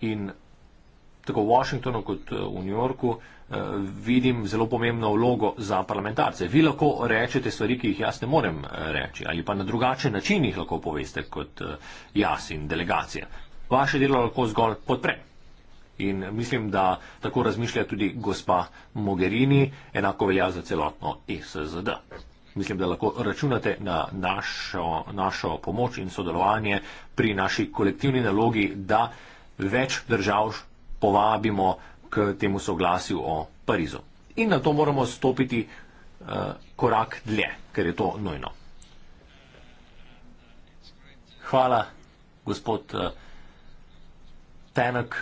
S2: In tako v Washingtonu kot eh, v New Yorku eh, vidim zelo pomembno vlogo za parlamentarce. Vi lahko rečete stvari, ki jih jaz ne morem eh, reči ali pa na drugačen način jih lahko poveste kot jaz in delegacija. Vaše delo lahko zgolj podprem. In mislim, da tako razmišlja tudi gospa Mogherini, enako velja za celotno SZD. Mislim, da lahko računate na našo, našo pomoč in sodelovanje pri naši kolektivni nalogi, da več držav povabimo k temu soglasju o Parizu. In na to moramo stopiti uh, korak dlje, ker je to nujno. Hvala, gospod uh, Tenek,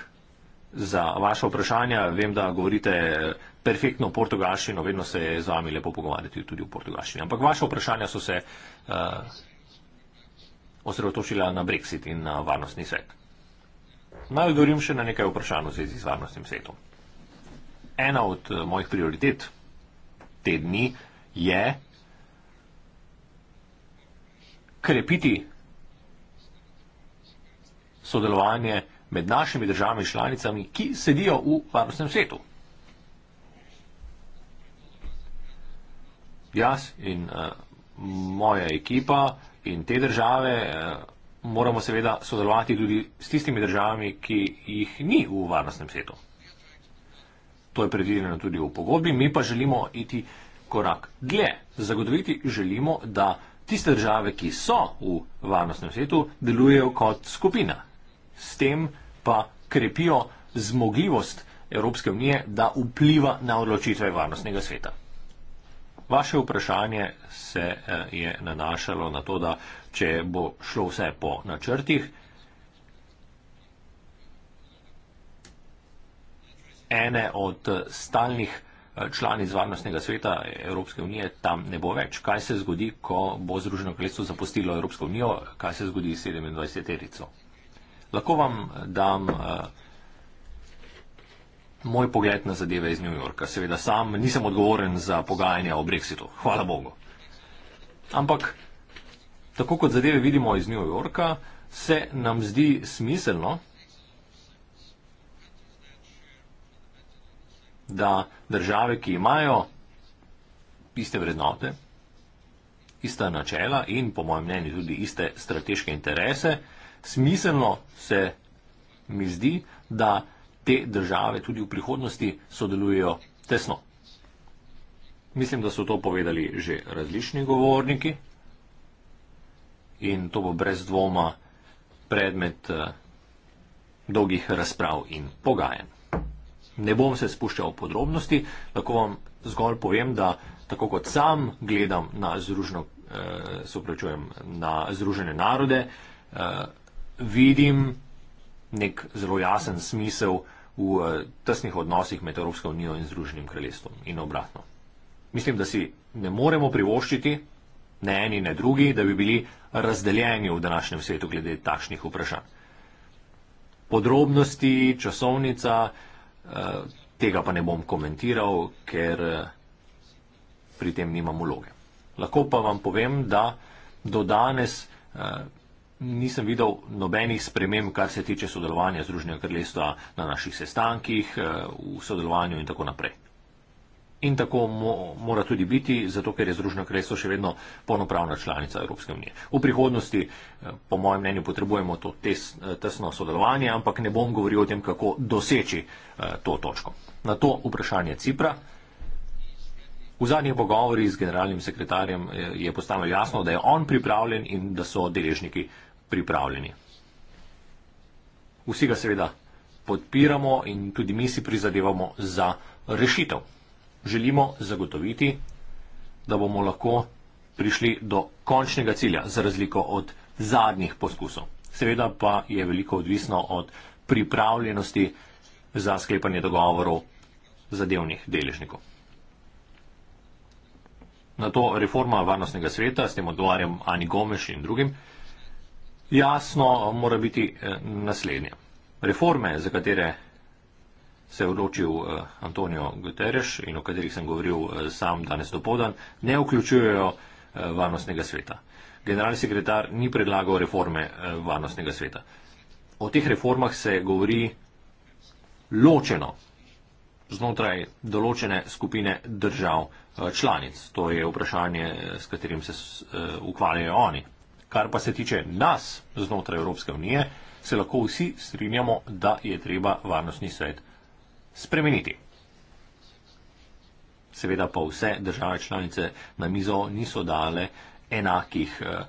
S2: za vaše vprašanje. Vem, da govorite eh, perfektno portugalščino, vedno se je z vami lepo pogovarjati tudi v portugalščini. Ampak vaše vprašanja so se uh, osredotočila na Brexit in na varnostni svet. Naj odgovorim še na nekaj vprašanj v zvezi z varnostnim svetom. Ena od eh, mojih prioritet te dni je krepiti sodelovanje med našimi državami članicami, ki sedijo v varnostnem svetu. Jaz in uh, moja ekipa in te države uh, moramo seveda sodelovati tudi s tistimi državami, ki jih ni v varnostnem svetu. To je predvideno tudi v pogodbi, mi pa želimo iti korak dlje. Zagotoviti želimo, da tiste države, ki so v varnostnem svetu, delujejo kot skupina. S tem pa krepijo zmogljivost Evropske unije, da vpliva na odločitve varnostnega sveta. Vaše vprašanje se eh, je nanašalo na to, da če bo šlo vse po načrtih. Ene od stalnih eh, članic varnostnega sveta Evropske unije tam ne bo več. Kaj se zgodi, ko bo Združeno kraljestvo zapustilo Evropsko unijo, kaj se zgodi s 27-terico? Lahko vam eh, dam uh, moj pogled na zadeve iz New Yorka. Seveda sam nisem odgovoren za pogajanja o Brexitu, hvala Bogu. Ampak tako kot zadeve vidimo iz New Yorka, se nam zdi smiselno, da države, ki imajo iste vrednote, ista načela in po mojem mnenju tudi iste strateške interese, smiselno se mi zdi, da te države tudi v prihodnosti sodelujejo tesno. Mislim, da so to povedali že različni govorniki in to bo brez dvoma predmet uh, dolgih razprav in pogajen. Ne bom se spuščal v podrobnosti, lahko vam zgolj povem, da tako kot sam gledam na, zružno, uh, eh, na Združene narode, uh, vidim nek zelo jasen smisel v uh, tesnih odnosih med Evropsko unijo in Združenim kraljestvom in obratno. Mislim, da si ne moremo privoščiti, ne eni, ne drugi, da bi bili razdeljeni v današnjem svetu glede takšnih vprašanj. Podrobnosti, časovnica, eh, tega pa ne bom komentiral, ker eh, pri tem nimam vloge. Lahko pa vam povem, da do danes eh, nisem videl nobenih sprememb, kar se tiče sodelovanja Združenega kraljestva na naših sestankih, v sodelovanju in tako naprej. In tako mo, mora tudi biti, zato ker je Združeno kraljestvo še vedno polnopravna članica Evropske unije. V prihodnosti, eh, po mojem mnenju, potrebujemo to tes, eh, tesno sodelovanje, ampak ne bom govoril o tem, kako doseči eh, to točko. Na to vprašanje Cipra. V zadnjih pogovorih z generalnim sekretarjem eh, je postalo jasno, da je on pripravljen in da so deležniki pripravljeni. Vsi ga seveda podpiramo in tudi mi si prizadevamo za rešitev želimo zagotoviti, da bomo lahko prišli do končnega cilja, za razliko od zadnjih poskusov. Seveda pa je veliko odvisno od pripravljenosti za sklepanje dogovorov zadevnih deležnikov. Na to reforma varnostnega sveta s tem odgovarjam Ani Gomeš in drugim. Jasno mora biti eh, naslednje. Reforme, za katere se je odločil eh, Antonijo Guterres in o katerih sem govoril eh, sam danes dopodan, ne vključujejo eh, varnostnega sveta. Generalni sekretar ni predlagal reforme varnostnega sveta. O teh reformah se govori ločeno znotraj določene skupine držav članic. To je vprašanje, s katerim se ukvarjajo oni. Kar pa se tiče nas znotraj Evropske unije, se lahko vsi strinjamo, da je treba varnostni svet spremeniti. Seveda pa vse države članice na mizo niso dale enakih uh,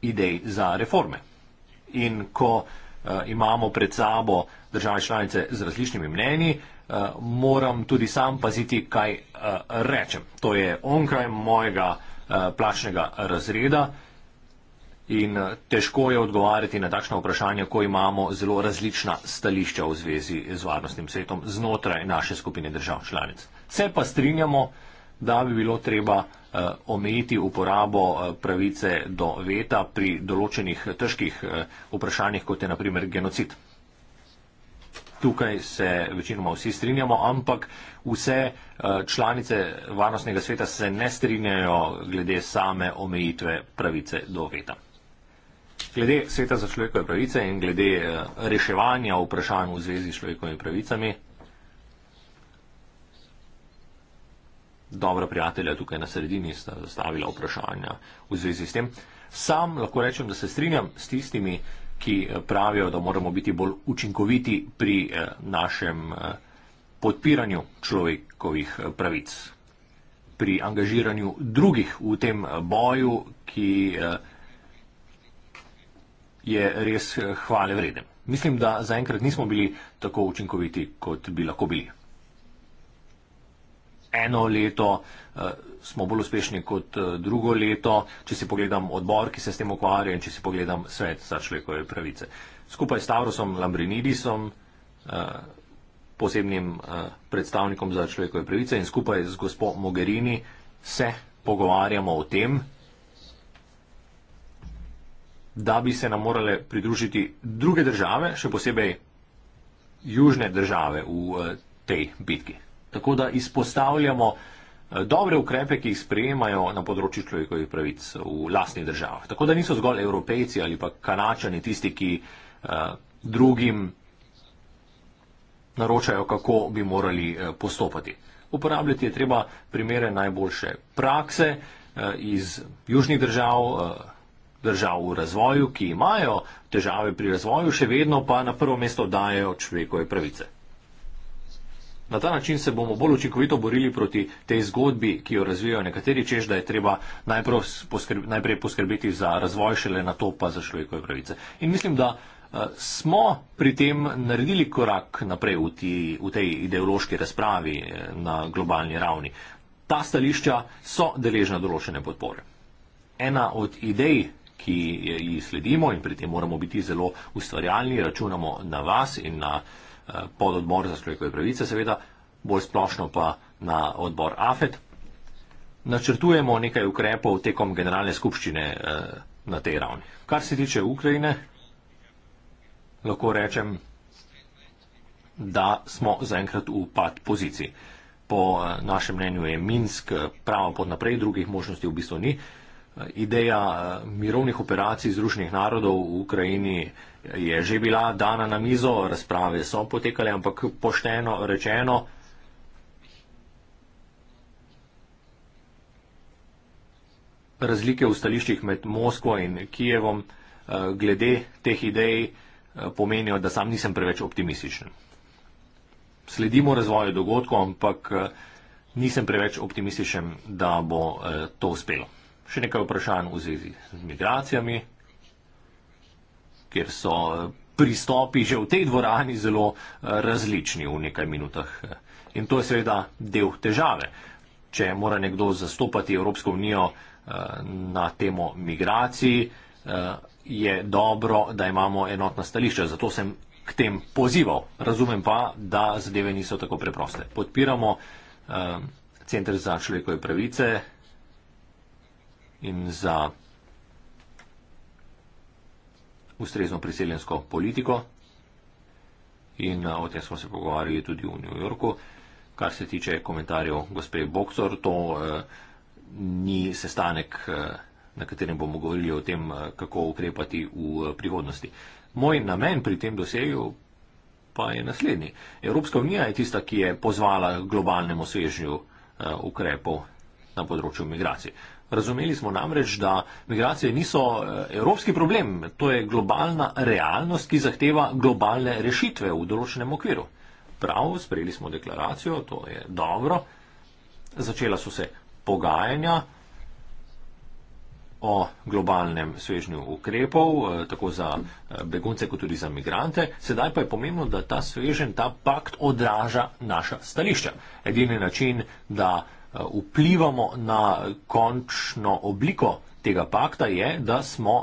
S2: idej za reforme. In ko uh, imamo pred sabo države članice z različnimi mnenji, uh, moram tudi sam paziti, kaj uh, rečem. To je onkraj mojega uh, plačnega razreda. Uh, In eh, težko je odgovarjati na takšno vprašanje, ko imamo zelo različna stališča v zvezi z varnostnim svetom znotraj naše skupine držav članic. Se pa strinjamo, da bi bilo treba uh, omejiti uporabo uh, pravice do veta pri določenih težkih uh, vprašanjih, kot je naprimer genocid. Tukaj se večinoma vsi strinjamo, ampak vse članice varnostnega sveta se ne strinjajo glede same omejitve pravice do veta. Glede sveta za človekove pravice in glede eh, reševanja vprašanj v zvezi s človekovimi pravicami, dobra prijatelja tukaj na sredini sta zastavila vprašanja v zvezi s tem. Sam lahko rečem, da se strinjam s tistimi, ki eh, pravijo, da moramo biti bolj učinkoviti pri eh, našem podpiranju človekovih pravic, pri angažiranju drugih v tem boju, ki je res eh, hvale vreden. Mislim, da zaenkrat nismo bili tako učinkoviti, kot bi lahko bili. Eno leto uh, smo bolj uspešni kot uh, drugo leto, če si pogledam odbor, ki se s tem ukvarja in če si pogledam svet za človekove pravice. Skupaj s Taurusom Lambrinidisom, uh, posebnim uh, predstavnikom za človekove pravice in skupaj z gospod Mogherini se pogovarjamo o tem, da bi se nam morale pridružiti druge države, še posebej južne države v eh, tej bitki. Tako da izpostavljamo eh, dobre ukrepe, ki jih sprejemajo na področju človekovih pravic v lasni državi. Tako da niso zgolj evropejci ali pa kanačani tisti, ki eh, drugim naročajo, kako bi morali postopati. Uporabljati je treba primere najboljše prakse iz južnih držav, držav v razvoju, ki imajo težave pri razvoju, še vedno pa na prvo mesto dajo človekove pravice. Na ta način se bomo bolj učinkovito borili proti tej zgodbi, ki jo razvijajo nekateri, čež da je treba najprej, poskrb, najprej poskrbeti za razvoj, šele na to pa za človekove pravice. In mislim, da uh, smo pri tem naredili korak naprej v, ti, v tej ideološki razpravi eh, na globalni ravni. Ta stališča so deležna določene podpore. Ena od idej ki ji sledimo in pri tem moramo biti zelo ustvarjalni, računamo na vas in na eh, pododbor za človekove pravice, seveda, bolj splošno pa na odbor AFED. Načrtujemo nekaj ukrepov tekom generalne skupščine eh, na tej ravni. Kar se tiče Ukrajine, lahko rečem, da smo zaenkrat v pad poziciji. Po eh, našem mnenju je Minsk prava pod naprej, drugih možnosti v bistvu ni. Eh, ideja eh, mirovnih operacij Združenih narodov v Ukrajini je že bila dana na mizo, razprave so potekale, ampak pošteno rečeno. Razlike v stališčih med Moskvo in Kijevom eh, glede teh idej pomenijo, da sam nisem preveč optimističen. Sledimo razvoju dogodkov, ampak nisem preveč optimističen, da bo to uspelo še nekaj vprašanj v zvezi z migracijami, kjer so eh, pristopi že v tej dvorani zelo eh, različni v nekaj minutah. In to je seveda del težave. Če mora nekdo zastopati Evropsko unijo eh, na temo migraciji, je dobro, da imamo enotna stališča. Zato sem k tem pozival. Razumem pa, da zadeve niso tako preproste. Podpiramo Centr za človekove pravice in za ustrezno priseljensko politiko. In eh, o tem smo se pogovarjali tudi v New Yorku. Kar se tiče komentarjev gospe Boksor, to eh, ni sestanek, eh, na katerem bomo govorili o tem, eh, kako ukrepati v eh, prihodnosti. Moj namen pri tem dosegu pa je naslednji. Evropska unija je tista, ki je pozvala globalnemu svežnju eh, ukrepov na področju migracije. Razumeli smo namreč, da migracije niso eh, evropski problem, to je globalna realnost, ki zahteva globalne rešitve v določenem okviru. Prav, sprejeli smo deklaracijo, to je dobro. Začela so se pogajanja o globalnem svežnju ukrepov, eh, tako za eh, begunce, kot tudi za migrante. Sedaj pa je pomembno, da ta svežen, ta pakt odraža naša stališča. Edini način, da Eh, vplivamo na končno obliko tega pakta, je, da smo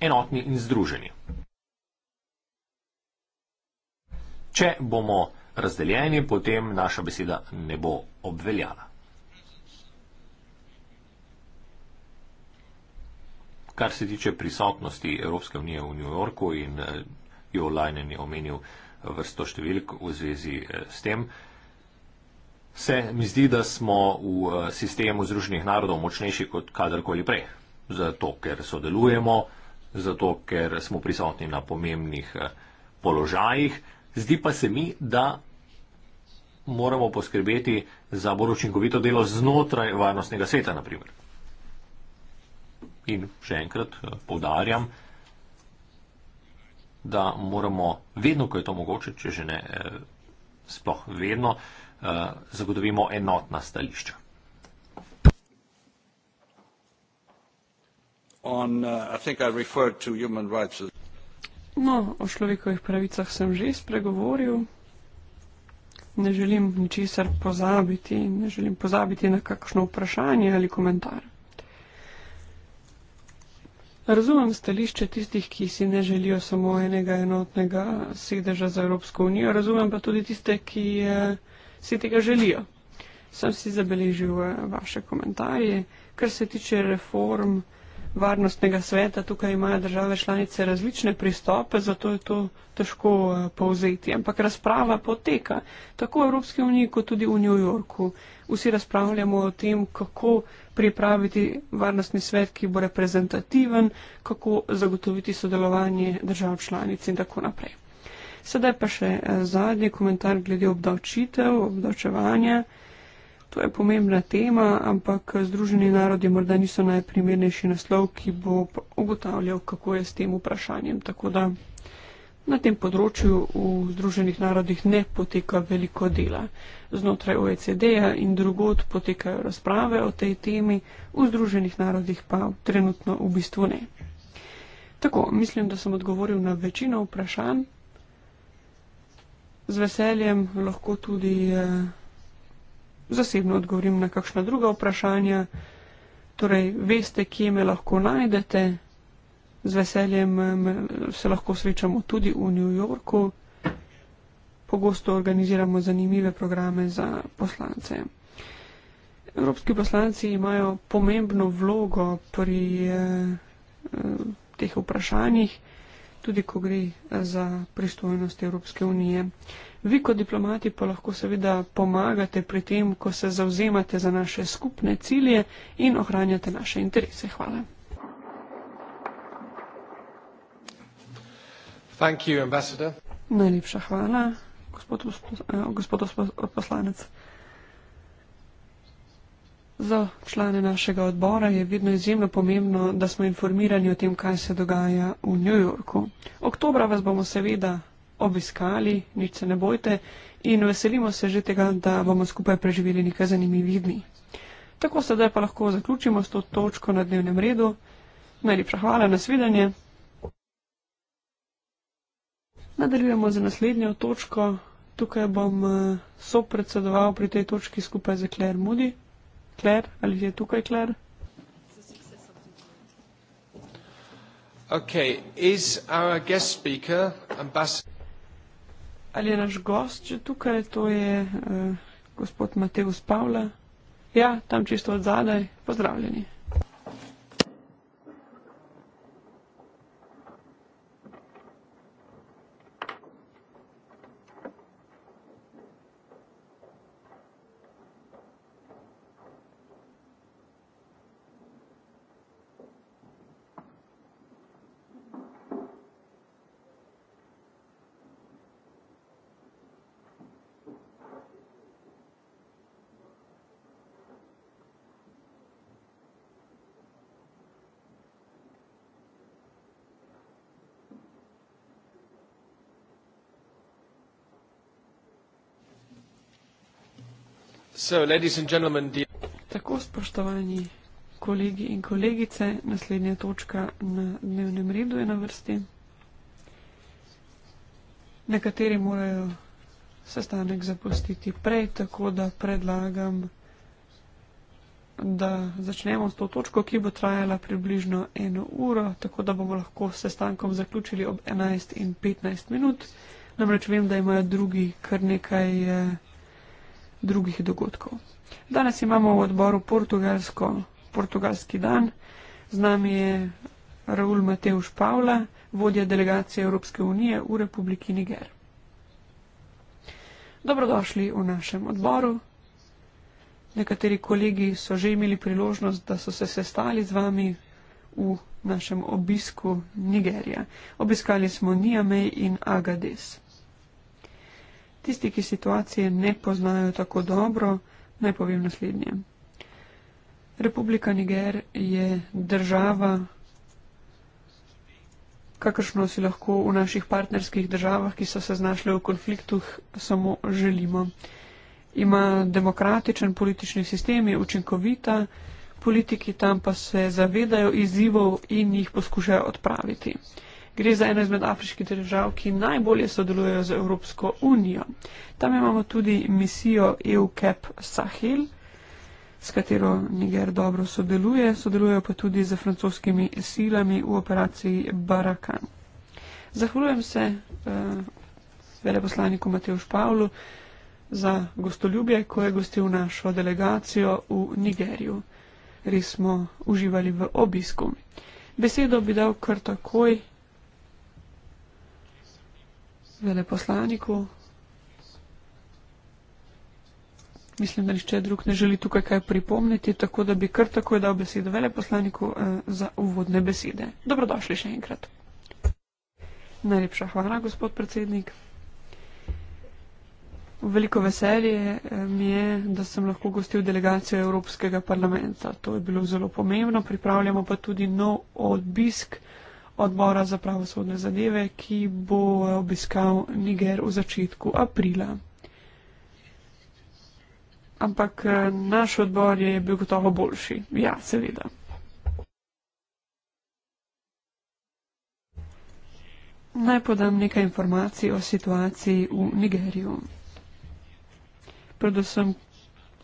S2: enotni in združeni. Če bomo razdeljeni, potem naša beseda ne bo obveljala. Kar se tiče prisotnosti Evropske unije v New Yorku in eh, Jo Lajnen je omenil vrsto številk v zvezi eh, s tem, Se mi zdi, da smo v eh, sistemu Združenih narodov močnejši kot kadarkoli prej. Zato, ker sodelujemo, zato, ker smo prisotni na pomembnih eh, položajih. Zdi pa se mi, da moramo poskrbeti za bolj učinkovito delo znotraj varnostnega sveta, naprimer. In še enkrat eh, povdarjam, da moramo vedno, ko je to mogoče, če že ne, sploh vedno, Eh, zagotovimo enotna stališča.
S1: On, uh,
S3: no, o človekovih pravicah sem že spregovoril. Ne želim ničesar pozabiti, ne želim pozabiti na kakšno vprašanje ali komentar. Razumem stališče tistih, ki si ne želijo samo enega enotnega sedeža za Evropsko unijo, razumem pa tudi tiste, ki. Uh, si tega želijo. Sem si zabeležil eh, vaše komentarje. Kar se tiče reform varnostnega sveta, tukaj imajo države članice različne pristope, zato je to težko eh, povzeti. Ampak razprava poteka tako v Evropski uniji, kot tudi v New Yorku. Vsi razpravljamo o tem, kako pripraviti varnostni svet, ki bo reprezentativen, kako zagotoviti sodelovanje držav članic in tako naprej. Sedaj pa še eh, zadnji komentar glede obdavčitev, obdavčevanja. To je pomembna tema, ampak eh, Združeni narodi morda niso najprimernejši naslov, ki bo ugotavljal, kako je s tem vprašanjem. Tako da na tem področju v Združenih narodih ne poteka veliko dela. Znotraj OECD-ja in drugot potekajo razprave o tej temi, v Združenih narodih pa trenutno v bistvu ne. Tako, mislim, da sem odgovoril na večino vprašanj z veseljem lahko tudi eh, zasebno odgovorim na kakšna druga vprašanja. Torej, veste, kje me lahko najdete. Z veseljem eh, se lahko srečamo tudi v New Yorku. Pogosto organiziramo zanimive programe za poslance. Evropski poslanci imajo pomembno vlogo pri eh, eh teh vprašanjih tudi ko gre eh, za pristojnost Evropske unije. Vi kot diplomati pa lahko seveda pomagate pri tem, ko se zauzemate za naše skupne cilje in ohranjate naše interese. Hvala. Najlepša hvala, gospod, gospod eh, poslanec. Za člane našega odbora je vedno izjemno pomembno, da smo informirani o tem, kaj se dogaja v New Yorku. Oktobra vas bomo seveda obiskali, nič se ne bojte, in veselimo se že tega, da bomo skupaj preživeli nekaj zanimivih dni. Tako sedaj pa lahko zaključimo s to točko na dnevnem redu. Najlepša hvala, nasvidenje. Nadaljujemo z naslednjo točko. Tukaj bom eh, sopredsedoval pri tej točki skupaj z Claire Moody. Kler, ali je tukaj Kler? Okay, is our guest speaker ali je naš gost že tukaj? To je uh, gospod Mateus Pavla. Ja, tam čisto od zadaj. Pozdravljeni. So, Tako, spoštovani kolegi in kolegice, naslednja točka na dnevnem redu je na vrsti. Nekateri morajo sestanek zapustiti prej, tako da predlagam, da začnemo s to točko, ki bo trajala približno eno uro, tako da bomo lahko s sestankom zaključili ob 11 in 15 minut. Namreč vem, da imajo drugi kar nekaj. Eh, drugih dogodkov. Danes imamo v odboru portugalski dan. Z nami je Raul Mateus Pavla, vodja delegacije Evropske unije v Republiki Niger. Dobrodošli v našem odboru. Nekateri kolegi so že imeli priložnost, da so se sestali z vami v našem obisku Nigerija. Obiskali smo Niamej in Agades. Tisti, ki situacije ne poznajo tako dobro, naj povem naslednje. Republika Niger je država, kakršno si lahko v naših partnerskih državah, ki so se znašle v konfliktuh, samo želimo. Ima demokratičen politični sistem, je učinkovita, politiki tam pa se zavedajo izzivov in jih poskušajo odpraviti. Gre za eno izmed afriških držav, ki najbolje sodelujejo z Evropsko unijo. Tam imamo tudi misijo EUCAP Sahel, s katero Niger dobro sodeluje, sodelujejo pa tudi z francoskimi silami v operaciji Barakan. Zahvaljujem se uh, veleposlaniku Mateuš Pavlu za gostoljubje, ko je gostil našo delegacijo v Nigerju. Res smo uživali v obisku. Besedo bi dal kar takoj veleposlaniku. Mislim, da nišče drug ne želi tukaj kaj pripomniti, tako da bi kar takoj dal besedo veleposlaniku eh, za uvodne besede. Dobrodošli še enkrat. Najlepša hvala, gospod predsednik. Veliko veselje eh, mi je, da sem lahko gostil delegacijo Evropskega parlamenta. To je bilo zelo pomembno. Pripravljamo pa tudi nov obisk eh, odbora za pravosodne zadeve, ki bo obiskal Niger v začetku aprila. Ampak eh, naš odbor je bil gotovo boljši. Ja, seveda. Naj podam nekaj informacij o situaciji v Nigeriju. Predvsem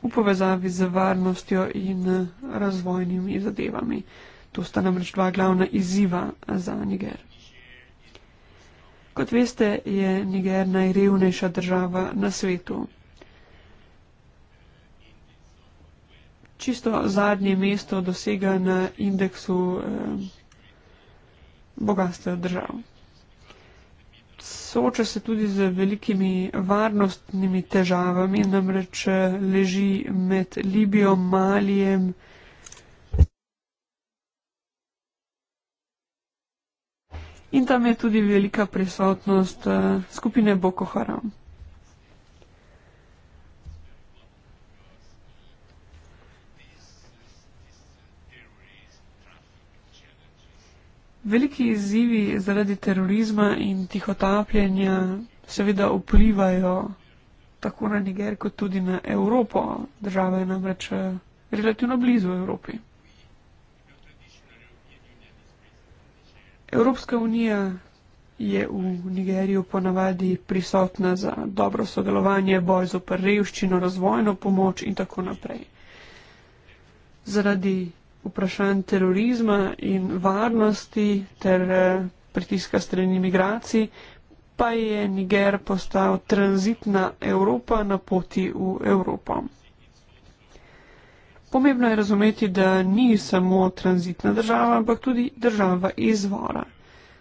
S3: v povezavi z varnostjo in eh, razvojnimi zadevami. To sta namreč dva glavna izziva za Niger. Kot veste, je Niger najrevnejša država na svetu. Čisto zadnje mesto dosega na indeksu eh, bogatstva držav. Sooča se tudi z velikimi varnostnimi težavami, namreč eh, leži med Libijo, Malijem, in tam je tudi velika prisotnost uh, skupine Boko Haram. Veliki izzivi zaradi terorizma in tihotapljenja seveda vplivajo tako na Niger kot tudi na Evropo. Država je namreč eh, relativno blizu Evropi. Evropska unija je v Nigeriju ponavadi prisotna za dobro sodelovanje, boj z oprejuščino, razvojno pomoč in tako naprej. Zaradi vprašanj terorizma in varnosti ter eh, pritiska strani migracij pa je Niger postal tranzitna Evropa na poti v Evropo. Pomembno je razumeti, da ni samo tranzitna država, ampak tudi država izvora.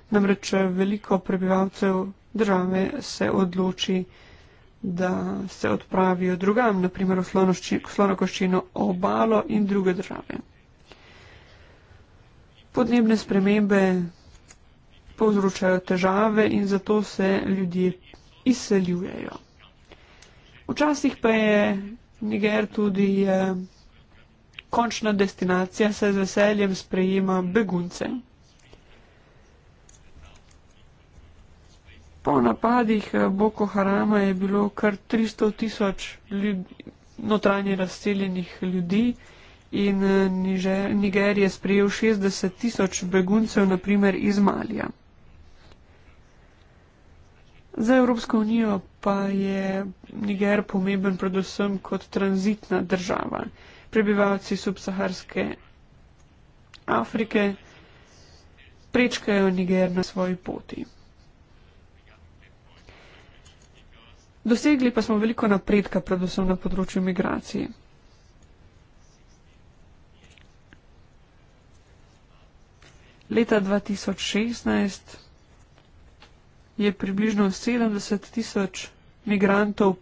S3: Namreč veliko prebivalcev države se odloči, da se odpravijo drugam, naprimer v slonokoščino obalo in druge države. Podnebne spremembe povzročajo težave in zato se ljudje izseljujejo. Včasih pa je Niger tudi. Eh, končna destinacija se z veseljem sprejema begunce. Po napadih eh, Boko Harama je bilo kar 300 tisoč notranje razseljenih ljudi in eh, Niger je sprejel 60 tisoč beguncev, naprimer iz Malija. Za Evropsko unijo pa je Niger pomemben predvsem kot tranzitna država prebivalci subsaharske Afrike prečkajo Niger na svoji poti. Dosegli pa smo veliko napredka, predvsem na področju migracije. Leta 2016 je približno 70 tisoč migrantov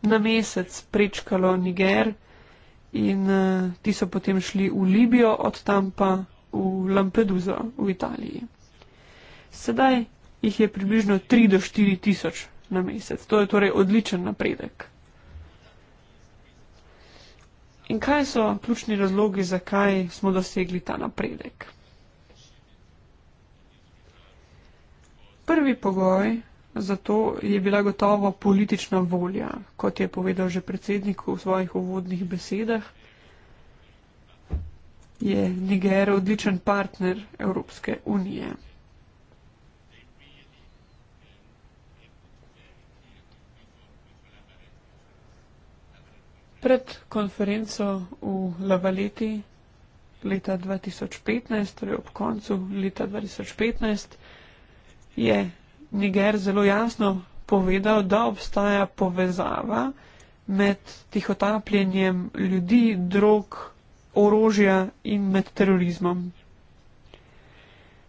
S3: na mesec prečkalo Niger in uh, ti so potem šli v Libijo, od tam pa v Lampeduzo v Italiji. Sedaj jih je približno 3 do 4 tisoč na mesec. To je torej odličen napredek. In kaj so ključni razlogi, zakaj smo dosegli ta napredek? Prvi pogoj Zato je bila gotovo politična volja, kot je povedal že predsednik v svojih uvodnih besedah, je Niger odličen partner Evropske unije. Pred konferenco v Lavaleti leta 2015, torej ob koncu leta 2015, je Niger zelo jasno povedal, da obstaja povezava med tihotapljenjem ljudi, drog, orožja in med terorizmom.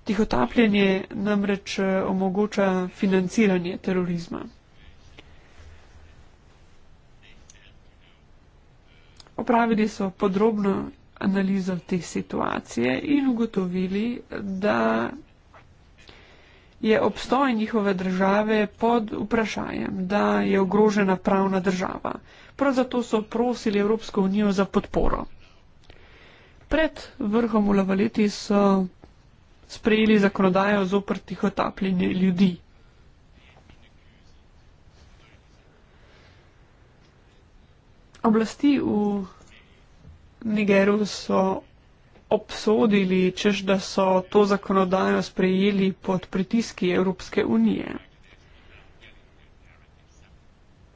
S3: Tihotapljenje namreč eh, omogoča financiranje terorizma. Opravili so podrobno analizo te situacije in ugotovili, da je obstoj njihove države pod vprašanjem, da je ogrožena pravna država. Prav zato so prosili Evropsko unijo za podporo. Pred vrhom v Lavaleti so sprejeli zakonodajo z oprtih otapljenje ljudi. Oblasti v Nigeru so obsodili, čež da so to zakonodajo sprejeli pod pritiski Evropske unije.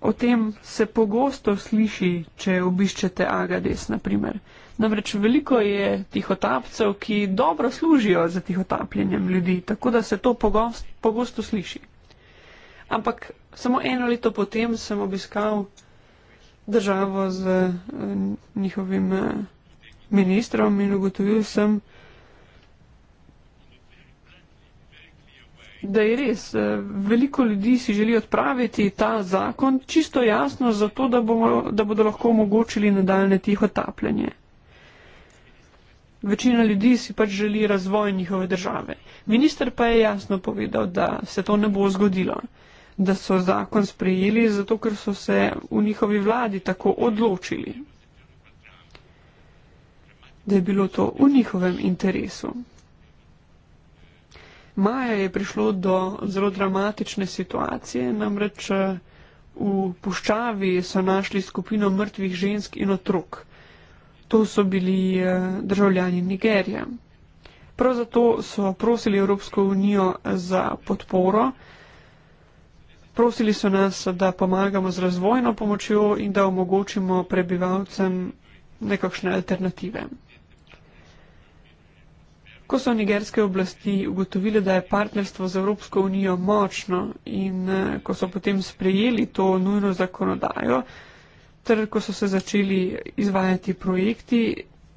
S3: O tem se pogosto sliši, če obiščete Agades, naprimer. Namreč veliko je tihotapcev, ki dobro služijo za tihotapljenjem ljudi, tako da se to pogost, pogosto sliši. Ampak samo eno leto potem sem obiskal državo z eh, njihovim eh, ministrom in ugotovil sem, da je res, eh, veliko ljudi si želi odpraviti ta zakon čisto jasno, zato da, bomo, da bodo lahko omogočili nadaljne tiho tapljanje. Večina ljudi si pač želi razvoj njihove države. Minister pa je jasno povedal, da se to ne bo zgodilo, da so zakon sprejeli, zato ker so se v njihovi vladi tako odločili da je bilo to v njihovem interesu. Maja je prišlo do zelo dramatične situacije, namreč eh, v puščavi so našli skupino mrtvih žensk in otrok. To so bili eh, državljani Nigerije. Prav zato so prosili Evropsko unijo za podporo. Prosili so nas, da pomagamo z razvojno pomočjo in da omogočimo prebivalcem nekakšne alternative. Ko so nigerske oblasti ugotovile, da je partnerstvo z Evropsko unijo močno in eh, ko so potem sprejeli to nujno zakonodajo, ter ko so se začeli izvajati projekti,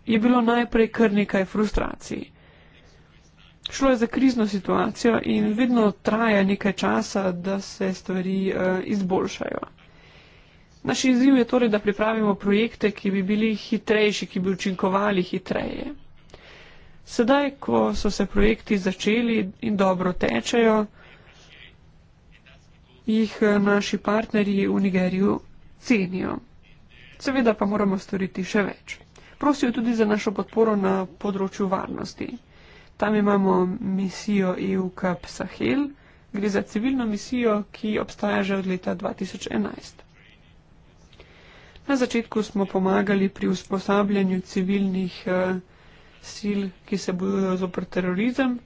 S3: je bilo najprej kar nekaj frustracij. Šlo je za krizno situacijo in vedno traja nekaj časa, da se stvari eh, izboljšajo. Naš izziv je torej, da pripravimo projekte, ki bi bili hitrejši, ki bi učinkovali hitreje. Sedaj, ko so se projekti začeli in dobro tečejo, jih eh, naši partnerji v Nigeriju cenijo. Seveda pa moramo storiti še več. Prosijo tudi za našo podporo na področju varnosti. Tam imamo misijo EUCAP Sahel, gre za civilno misijo, ki obstaja že od leta 2011. Na začetku smo pomagali pri usposabljanju civilnih eh, sil, ki se bojujo zopr terorizem.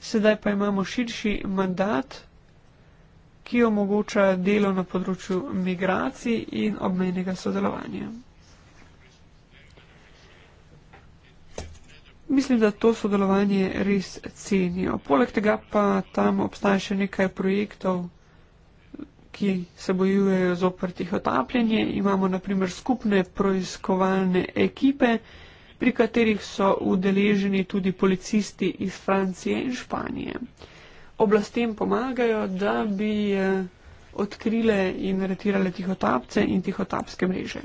S3: Sedaj pa imamo širši mandat, ki omogoča delo na področju migracij in obmejnega sodelovanja. Mislim, da to sodelovanje res cenijo. Poleg tega pa tam obstaja še nekaj projektov, ki se bojujejo z oprtih otapljanje. Imamo naprimer skupne proizkovalne ekipe, pri katerih so udeleženi tudi policisti iz Francije in Španije. Oblastem pomagajo, da bi eh, odkrile in retirale tihotapce in tihotapske mreže.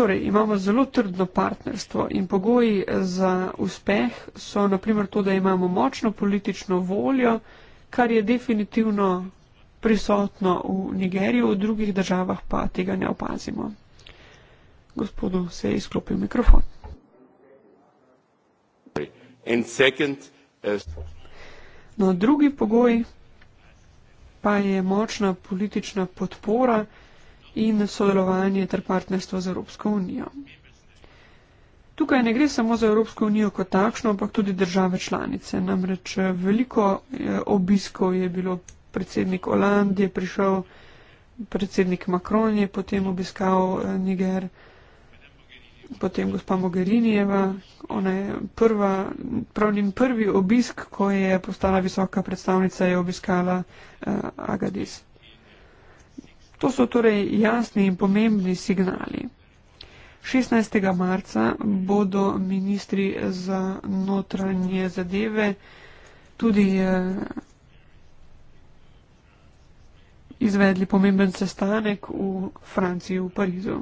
S3: Torej, imamo zelo trdno partnerstvo in pogoji eh, za uspeh so naprimer to, da imamo močno politično voljo, kar je definitivno prisotno v Nigeriji, v drugih državah pa tega ne opazimo. Gospodu se je izklopil mikrofon.
S2: Eh,
S3: no, drugi pogoj pa je močna politična podpora in sodelovanje ter partnerstvo z Evropsko unijo. Tukaj ne gre samo za Evropsko unijo kot takšno, ampak tudi države članice. Namreč eh, veliko eh, obiskov je bilo. Predsednik Holandije je prišel, predsednik Macron je potem obiskal Niger potem gospa Mogherinijeva, ona je prva, prav njen prvi obisk, ko je postala visoka predstavnica, je obiskala uh, Agadis. To so torej jasni in pomembni signali. 16. marca bodo ministri za notranje zadeve tudi eh, izvedli pomemben sestanek v Franciji, v Parizu.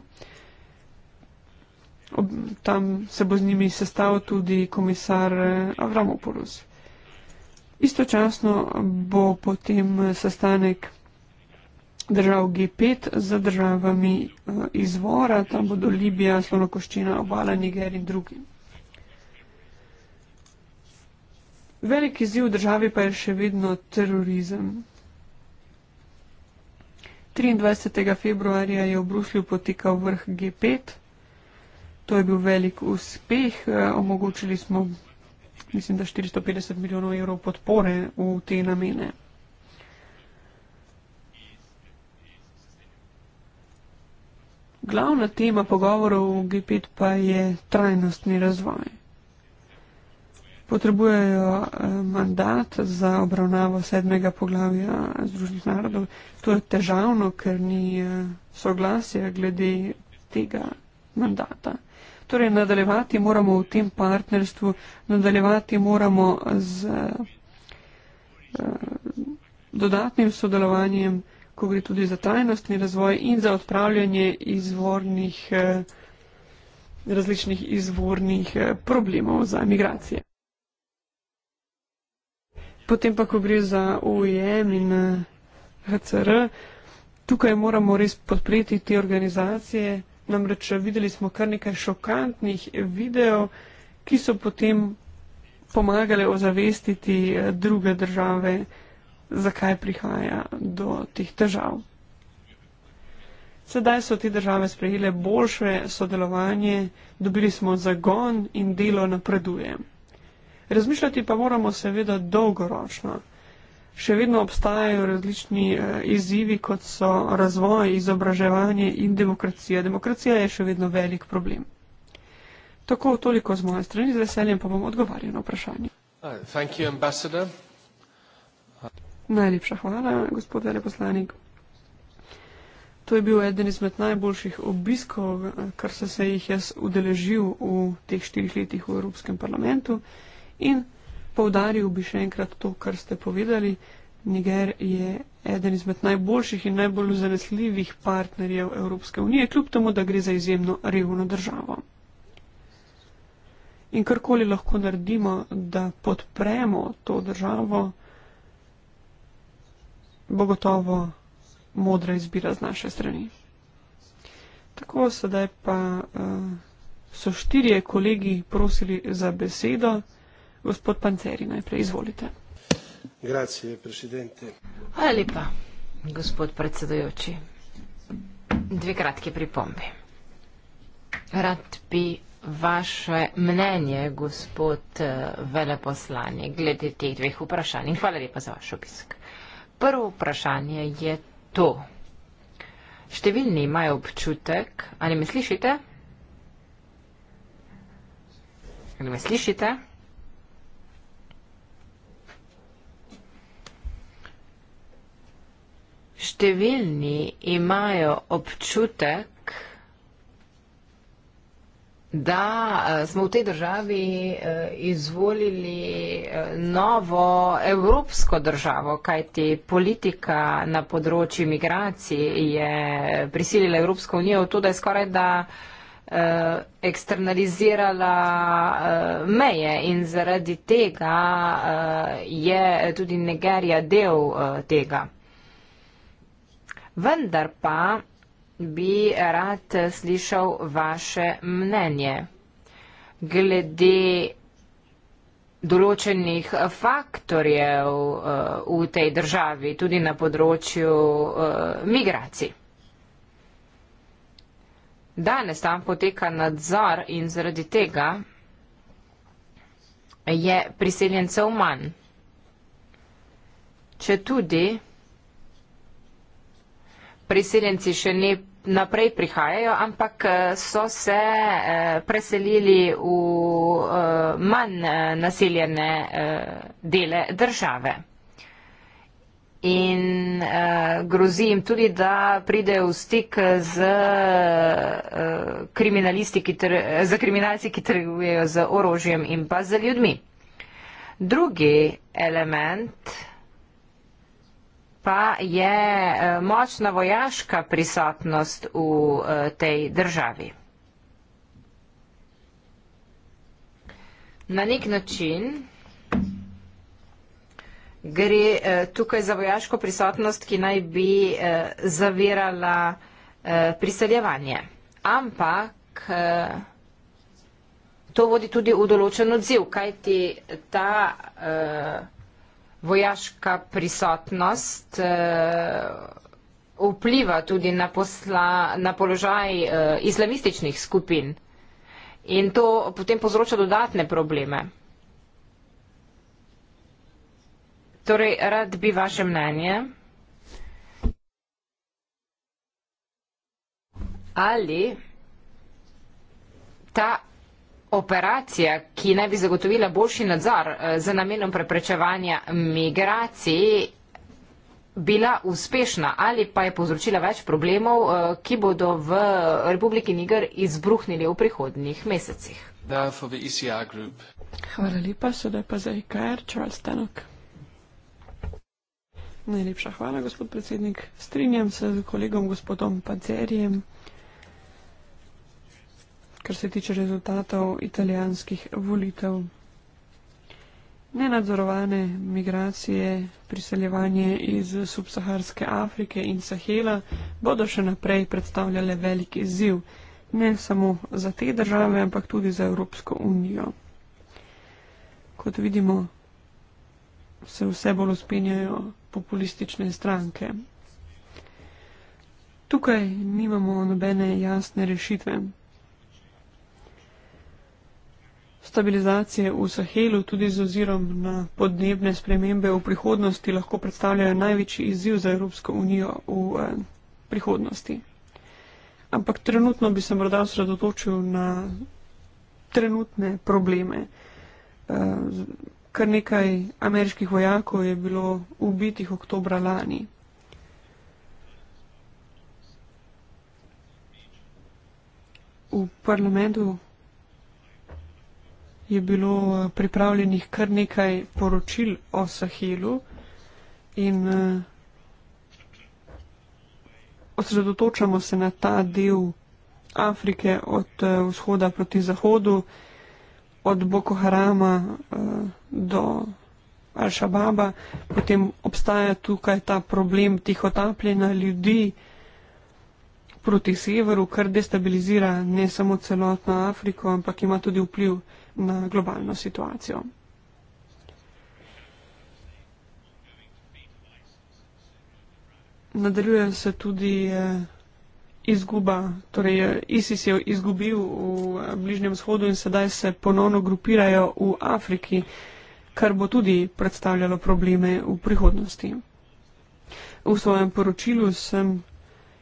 S3: Ob, tam se bo z njimi sestal tudi komisar eh, Avramopoulos. Istočasno bo potem eh, sestanek držav G5 z državami eh, izvora, tam bodo Libija, Slonokoščina, Obala, Niger in drugi. Veliki ziv državi pa je še vedno terorizem. 23. februarja je v Bruslju potekal vrh G5. To je bil velik uspeh. Eh, omogočili smo, mislim, da 450 milijonov evrov podpore v te namene. Glavna tema pogovorov v G5 pa je trajnostni razvoj. Potrebujejo eh, mandat za obravnavo sedmega poglavja Združenih narodov. To je težavno, ker ni eh, soglasja glede tega mandata. Torej, nadaljevati moramo v tem partnerstvu, nadaljevati moramo z eh, dodatnim sodelovanjem, ko gre tudi za trajnostni razvoj in za odpravljanje izvornih, eh, različnih izvornih eh, problemov za migracije. Potem pa, ko gre za OEM in HCR, tukaj moramo res podpreti te organizacije. Namreč videli smo kar nekaj šokantnih videov, ki so potem pomagali ozavestiti eh, druge države, zakaj prihaja do teh težav. Sedaj so te države sprejele boljše sodelovanje, dobili smo zagon in delo napreduje. Razmišljati pa moramo seveda dolgoročno. Še vedno obstajajo različni eh, izzivi, kot so razvoj, izobraževanje in demokracija. Demokracija je še vedno velik problem. Tako toliko z moje strani, z veseljem pa bom odgovarjal na vprašanje.
S2: You,
S3: Najlepša hvala, gospod veleposlanik. To je bil eden izmed najboljših obiskov, kar se, se jih jaz udeležil v teh štirih letih v Evropskem parlamentu in Poudaril bi še enkrat to, kar ste povedali. Niger je eden izmed najboljših in najbolj zanesljivih partnerjev Evropske unije, kljub temu, da gre za izjemno revno državo. In karkoli lahko naredimo, da podpremo to državo, bo gotovo modra izbira z naše strani. Tako, sedaj pa uh, so štirje kolegi prosili za besedo gospod panzeri najprej izvolite
S1: hvala lepa gospod predsedujoči dve kratki pripombi rad bi vaše mnenje gospod eh, veleposlanik glede teh dveh vprašanj in hvala lepa za vaš obisk prvo vprašanje je to številni imajo občutek ali me slišite ali me slišite Številni imajo občutek, da eh, smo v tej državi eh, izvolili eh, novo evropsko državo, kajti politika na področju migracij je prisilila Evropsko unijo v to, da je skoraj da eksternalizirala meje in zaradi tega je tudi Nigerija del tega vendar pa bi rad slišal vaše mnenje glede določenih faktorjev eh, v tej državi, tudi na področju eh, migracij. Danes tam poteka nadzor in zaradi tega je priseljencev manj. Če tudi priseljenci še ne naprej prihajajo, ampak eh, so se eh, preselili v eh, manj naseljene dele države. In grozi jim tudi, da pridejo v stik z kriminalisti, ki, tr z kriminalci, ki trgujejo z orožjem in pa z ljudmi. Drugi element, pa je eh, močna vojaška prisotnost v eh, tej državi. Na nek način gre eh, tukaj za vojaško prisotnost, ki naj bi zavirala priseljevanje. Ampak to vodi tudi v določen odziv, kajti ta vojaška prisotnost vojaška prisotnost eh, vpliva tudi na, posla, na položaj eh, islamističnih skupin in to potem povzroča dodatne probleme. Torej, rad bi vaše mnenje. Ali ta operacija, ki naj bi zagotovila boljši nadzor eh, za namenom preprečevanja migracij, bila uspešna ali pa je povzročila več problemov, eh, ki bodo v Republiki Niger izbruhnili v prihodnih mesecih. E hvala lepa, sedaj pa za IKR, e Charles Tenok.
S3: Najlepša hvala, gospod predsednik. Strinjam se z kolegom gospodom Pancerjem kar se tiče rezultatov italijanskih volitev. Nenadzorovane migracije, priseljevanje iz subsaharske Afrike in Sahela bodo še naprej predstavljale veliki izziv, ne samo za te države, ampak tudi za Evropsko unijo. Kot vidimo, se vse bolj uspenjajo populistične stranke. Tukaj nimamo nobene jasne rešitve. Stabilizacije v Sahelu tudi z ozirom na podnebne spremembe v prihodnosti lahko predstavljajo največji izziv za Evropsko unijo v eh, prihodnosti. Ampak trenutno bi se morda osredotočil na trenutne probleme. Eh, kar nekaj ameriških vojakov je bilo ubitih oktobra lani. V parlamentu je bilo eh, pripravljenih kar nekaj poročil o Sahelu in eh, osredotočamo se na ta del Afrike od eh, vzhoda proti zahodu, od Boko Harama do Al-Shababa. Potem obstaja tukaj ta problem tihotapljena ljudi proti severu, kar destabilizira ne samo celotno Afriko, ampak ima tudi vpliv na globalno situacijo. Nadaljuje se tudi eh, izguba, torej eh, ISIS je izgubil v eh, Bližnjem shodu in sedaj se ponovno grupirajo v Afriki, kar bo tudi predstavljalo probleme v prihodnosti. V svojem poročilu sem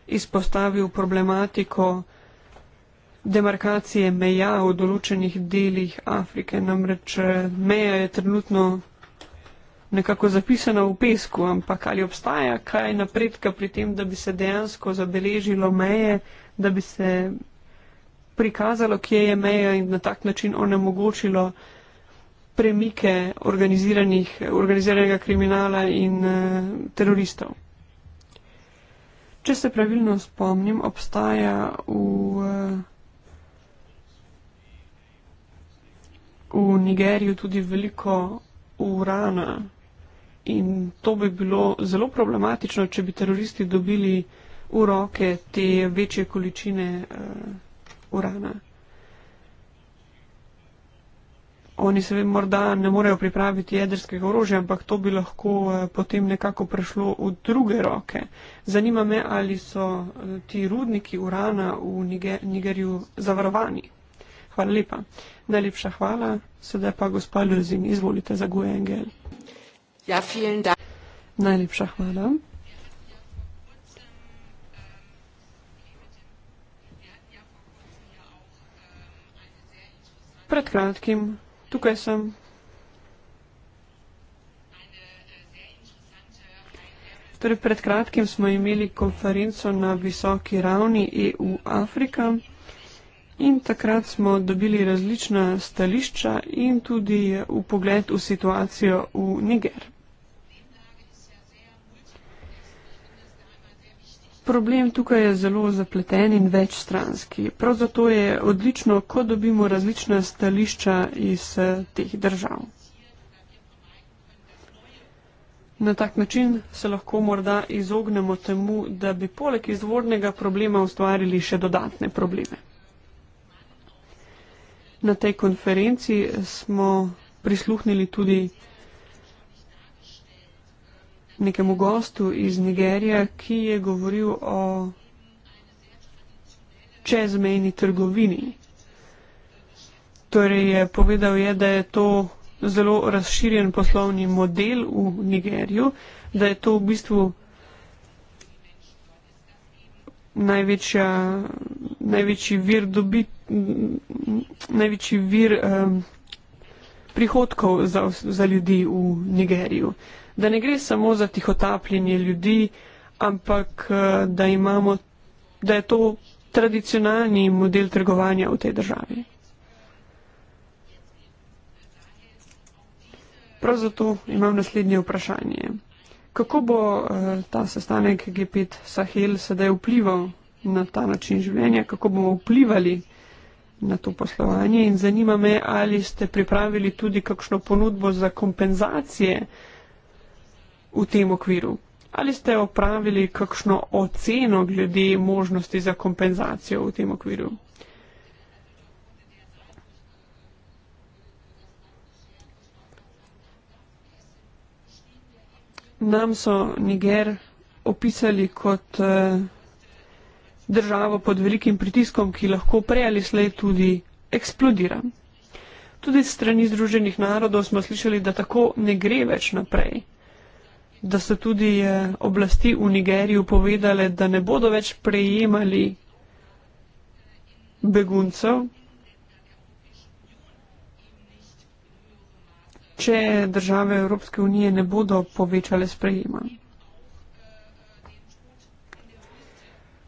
S3: izpostavil problematiko demarkacije meja v določenih delih Afrike. Namreč eh, meja je trenutno nekako zapisana v pesku, ampak ali obstaja kaj napredka pri tem, da bi se dejansko zabeležilo meje, da bi se prikazalo, kje je meja in na tak način onemogočilo premike organiziranega kriminala in uh, teroristov. Če se pravilno spomnim, obstaja v uh, v Nigeriju tudi veliko urana in to bi bilo zelo problematično, če bi teroristi dobili v roke te večje količine uh, urana. Oni se morda ne morejo pripraviti jedrskega orožja, ampak to bi lahko eh, potem nekako prešlo v druge roke. Zanima me, ali so eh, ti rudniki urana v Nigerju zavarovani. Hvala lepa. Najlepša hvala. Sedaj pa gospa Lözin, izvolite za Goe Engel.
S1: Ja, vielen Dank.
S3: Najlepša hvala. Pred kratkim, tukaj sem. Torej, pred kratkim smo imeli konferenco na visoki ravni EU-Afrika. In takrat smo dobili različna stališča in tudi v pogled v situacijo v Niger. Problem tukaj je zelo zapleten in večstranski. Prav zato je odlično, ko dobimo različna stališča iz eh, teh držav. Na tak način se lahko morda izognemo temu, da bi poleg izvornega problema ustvarili še dodatne probleme. Na tej konferenci smo prisluhnili tudi nekemu gostu iz Nigerije, ki je govoril o čezmejni trgovini. Torej je povedal je, da je to zelo razširjen poslovni model v Nigeriju, da je to v bistvu največja, največji vir, dobi, največji vir um, prihodkov za, za ljudi v Nigeriju. Da ne gre samo za tihotapljenje ljudi, ampak eh, da, imamo, da je to tradicionalni model trgovanja v tej državi. Prav zato imam naslednje vprašanje. Kako bo eh, ta sestanek G5 Sahel sedaj vplival na ta način življenja, kako bomo vplivali na to poslovanje in zanima me, ali ste pripravili tudi kakšno ponudbo za kompenzacije v tem okviru. Ali ste opravili kakšno oceno glede možnosti za kompenzacijo v tem okviru? nam so Niger opisali kot eh, državo pod velikim pritiskom, ki lahko prej ali slej tudi eksplodira. Tudi strani Združenih narodov smo slišali, da tako ne gre več naprej, da so tudi eh, oblasti v Nigeriju povedale, da ne bodo več prejemali beguncev, če države Evropske unije ne bodo povečale sprejema.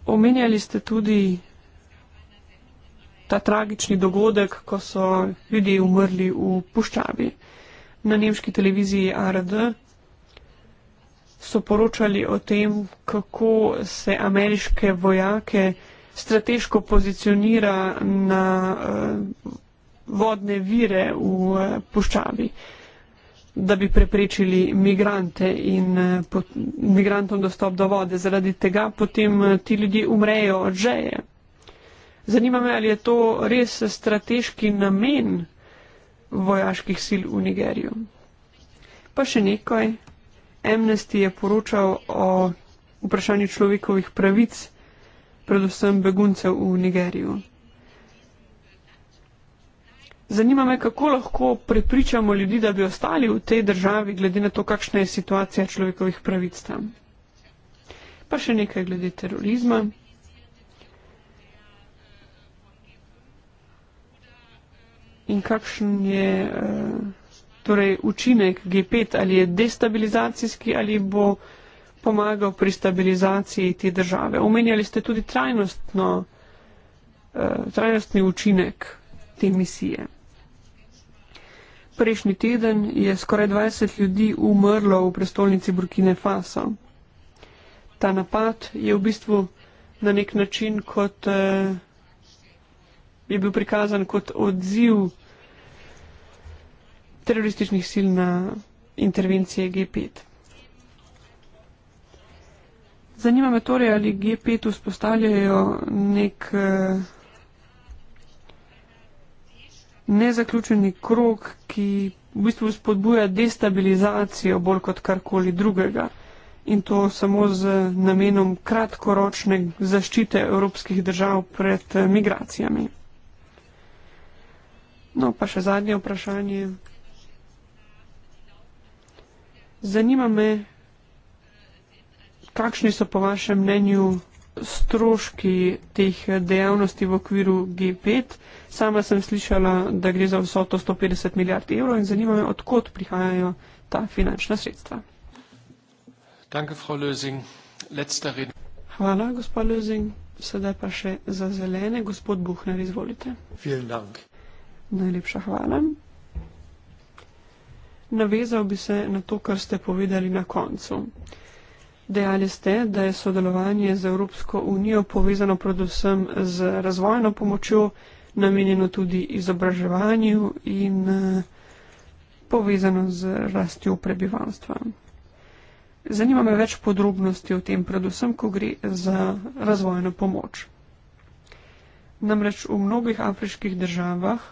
S3: Omenjali ste tudi ta tragični dogodek, ko so ljudje umrli v puščavi. Na nemški televiziji ARD so poročali o tem, kako se ameriške vojake strateško pozicionira na uh, vodne vire v uh, puščavi. Uh, da bi preprečili migrante in eh, migrantom dostop do vode. Zaradi tega potem eh, ti ljudje umrejo od žeje. Zanima me, ali je to res strateški namen vojaških sil v Nigeriju. Pa še nekaj. Amnesty je poročal o vprašanju človekovih pravic, predvsem beguncev v Nigeriju. Zanima me, kako lahko prepričamo ljudi, da bi ostali v tej državi, glede na to, kakšna je situacija človekovih pravic tam. Pa še nekaj glede terorizma. In kakšen je eh, torej, učinek G5, ali je destabilizacijski, ali bo pomagal pri stabilizaciji te države. Omenjali ste tudi eh, trajnostni učinek te misije. Prejšnji teden je skoraj 20 ljudi umrlo v prestolnici Burkine Faso. Ta napad je v bistvu na nek način kot, eh, bil prikazan kot odziv terorističnih sil na intervencije G5. Zanima me torej, ali G5 vzpostavljajo nek. Eh, nezaključeni krok, ki v bistvu spodbuja destabilizacijo bolj kot karkoli drugega. In to samo z namenom kratkoročne zaščite evropskih držav pred eh, migracijami. No, pa še zadnje vprašanje. Zanima me, kakšni so po vašem mnenju stroški teh eh, dejavnosti v okviru G5 Sama sem slišala, da gre za vsoto 150 milijard evrov in zanima me, odkot prihajajo ta finančna sredstva. Danke, Hvala, gospod Lezing. Sedaj pa še za zelene. Gospod Buhner, izvolite. Najlepša hvala. Navezal bi se na to, kar ste povedali na koncu. Dejali ste, da je sodelovanje z Evropsko unijo povezano predvsem z razvojno pomočjo, namenjeno tudi izobraževanju in eh, povezano z rastjo prebivalstva. Zanima me več podrobnosti o tem, predvsem, ko gre za razvojno pomoč. Namreč v mnogih afriških državah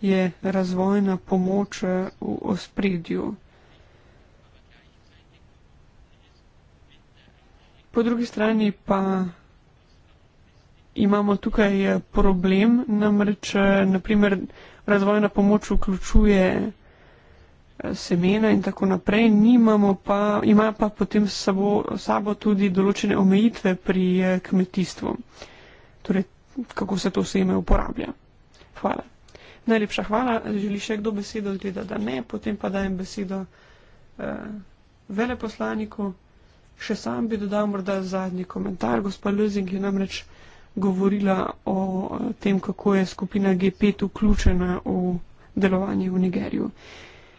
S3: je razvojna pomoč eh, v ospredju. Po drugi strani pa imamo tukaj eh, problem, namreč eh, naprimer razvojna pomoč vključuje eh, semena in tako naprej, nimamo pa, ima pa potem sabo, sabo tudi določene omejitve pri kmetijstvu. Torej, kako se to seme uporablja. Hvala. Najlepša hvala. Želi še kdo besedo? Zgleda, da ne. Potem pa dajem besedo eh, veleposlaniku. Še sam bi dodal morda zadnji komentar. Gospa Lezing je namreč govorila o eh, tem, kako je skupina G5 vključena v delovanje v Nigeriju.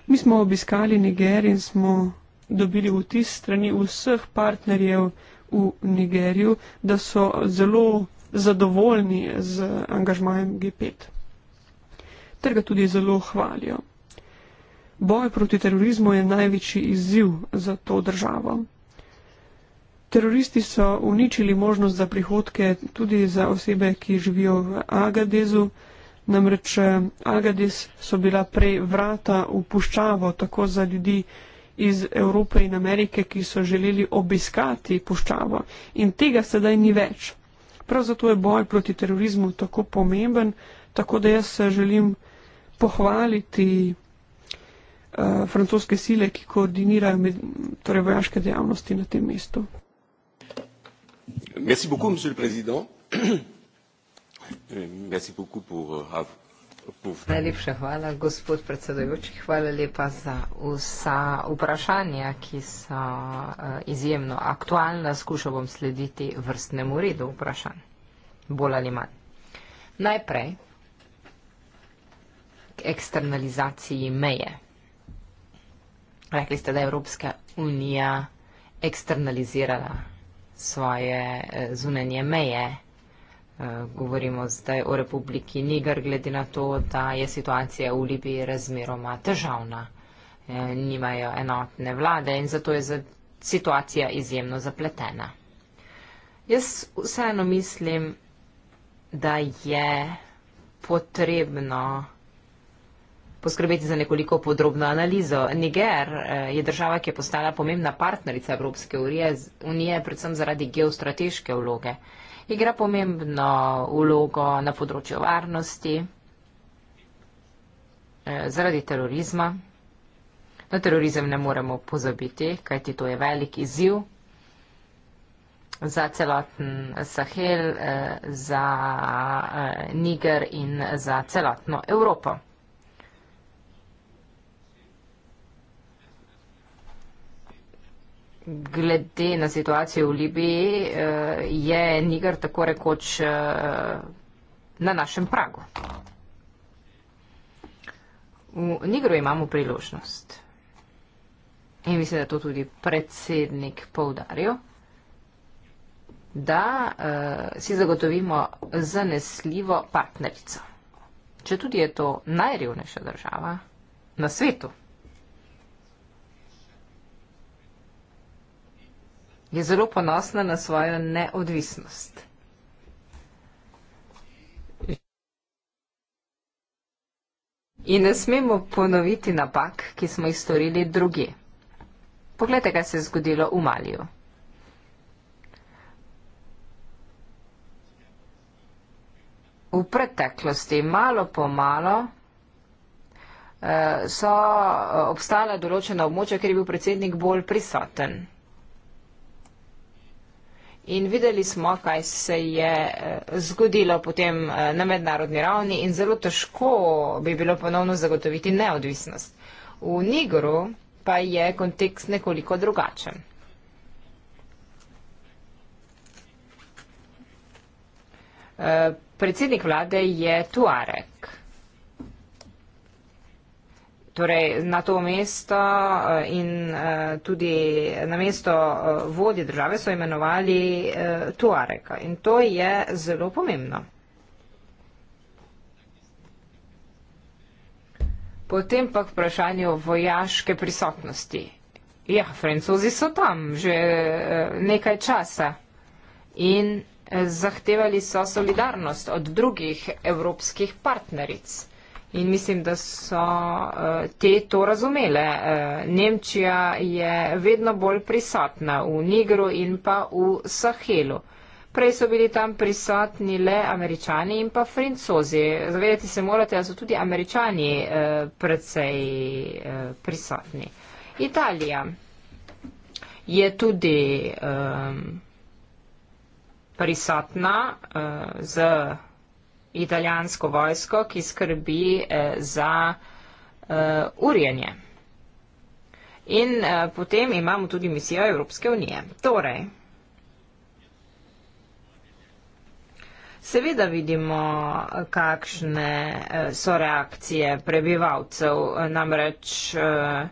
S3: Mi smo obiskali Niger in smo dobili vtis strani vseh partnerjev v Nigeriju, da so zelo zadovoljni z angažmajem G5. Ter ga tudi zelo hvalijo. Boj proti terorizmu je največji izziv za to državo. Teroristi so uničili možnost za prihodke tudi za osebe, ki živijo v Agadezu. Namreč eh, Agadez so bila prej vrata v puščavo tako za ljudi iz Evrope in Amerike, ki so želeli obiskati puščavo. In tega sedaj ni več. Prav zato je boj proti terorizmu tako pomemben, tako da jaz se želim pohvaliti uh, francoske sile, ki koordinirajo med, torej, vojaške dejavnosti na tem mestu
S2: monsieur le président euh,
S1: hvala lepa za vsa vprašanja, ki so eh, izjemno aktualna. Skušal bom slediti vrstnemu redu vprašanj, bolj ali manj. Najprej k eksternalizaciji meje. Rekli ste, da je Evropska unija eksternalizirala svoje eh, zunanje meje. Eh, govorimo zdaj o Republiki Niger, glede na to, da je situacija v Libiji razmeroma težavna. Eh, nimajo enotne vlade in zato je situacija izjemno zapletena. Jaz vseeno mislim, da je potrebno poskrbeti za nekoliko podrobno analizo. Niger eh, je država, ki je postala pomembna partnerica Evropske unije, predvsem zaradi geostrateške vloge. Igra pomembno vlogo na področju varnosti, eh, zaradi terorizma. Na terorizem ne moremo pozabiti, kajti to je velik izziv za celoten eh, Sahel, za Niger in za celotno Evropo. glede na situacijo v Libiji eh, je Niger tako rekoč eh, na našem pragu. V Nigru imamo priložnost in mislim, da to tudi predsednik poudarijo, da uh, si zagotovimo zanesljivo partnerico. Če tudi je to najrevnejša država na svetu, je zelo ponosna na svojo neodvisnost. In ne smemo ponoviti napak, ki smo jih storili druge. Poglejte, kaj se je zgodilo v Maliju. V preteklosti, malo po malo, eh, so eh, obstala določena območja, kjer je bil predsednik bolj prisoten. In videli smo, kaj se je eh, zgodilo potem eh, na mednarodni ravni in zelo težko bi bilo ponovno zagotoviti neodvisnost. V Nigru pa je kontekst nekoliko drugačen. Eh, predsednik vlade je Tuarek torej na to mesto eh, in eh, tudi na mesto eh, vodje države so imenovali Tuareka in to je zelo pomembno. Potem pa k vprašanju vojaške prisotnosti. Ja, francozi so tam že nekaj časa in zahtevali so solidarnost od drugih evropskih partneric. In mislim, da so eh, te to razumele. Eh, Nemčija je vedno bolj prisotna v Nigru in pa v Sahelu. Prej so bili tam prisotni le američani in pa francozi. Zavedati se morate, da so tudi američani eh, precej prisotni. Italija je tudi prisotna z italijansko vojsko, ki skrbi eh, za eh, urjenje. In eh, potem imamo tudi misijo Evropske unije. Torej, seveda vidimo, eh, kakšne eh, so reakcije prebivalcev, eh, namreč eh,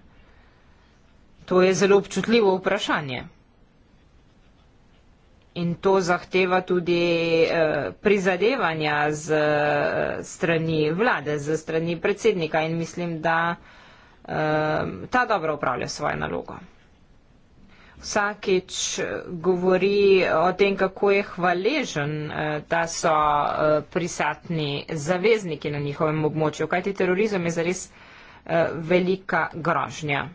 S1: to je zelo občutljivo vprašanje in to zahteva tudi eh, prizadevanja z eh, strani vlade, z strani predsednika in mislim, da eh, ta dobro upravlja svojo nalogo. Vsakič govori o tem, kako je hvaležen, da so prisatni zavezniki na njihovem območju, kajti terorizem je zares velika grožnja.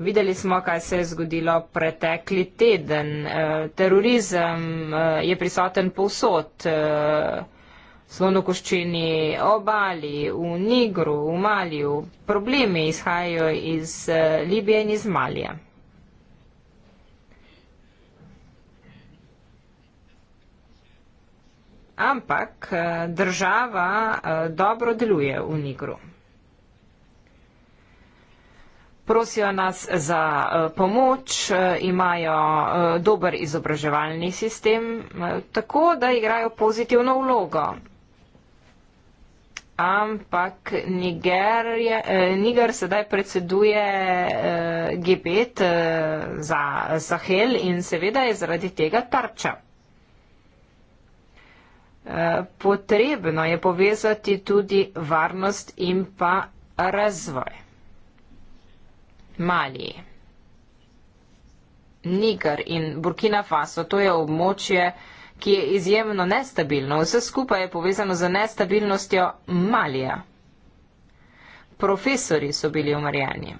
S1: Videli smo, kaj se je zgodilo pretekli teden. Eh, terorizem eh, je prisoten povsod. Eh, Slonokoščini obali, v Nigru, v Maliju. Problemi izhajajo iz Libije in iz Malija. Ampak država dobro deluje v Nigru prosijo nas za eh, pomoč, eh, imajo eh, dober izobraževalni sistem, tako da igrajo pozitivno vlogo. Ampak Niger, je, Niger sedaj predseduje G5 za Sahel in seveda je zaradi tega tarča. Potrebno je povezati tudi varnost in pa razvoj. Mali. Niger in Burkina Faso, to je območje, ki je izjemno nestabilno. Vse skupaj je povezano z nestabilnostjo Malija. Profesori so bili umarjeni.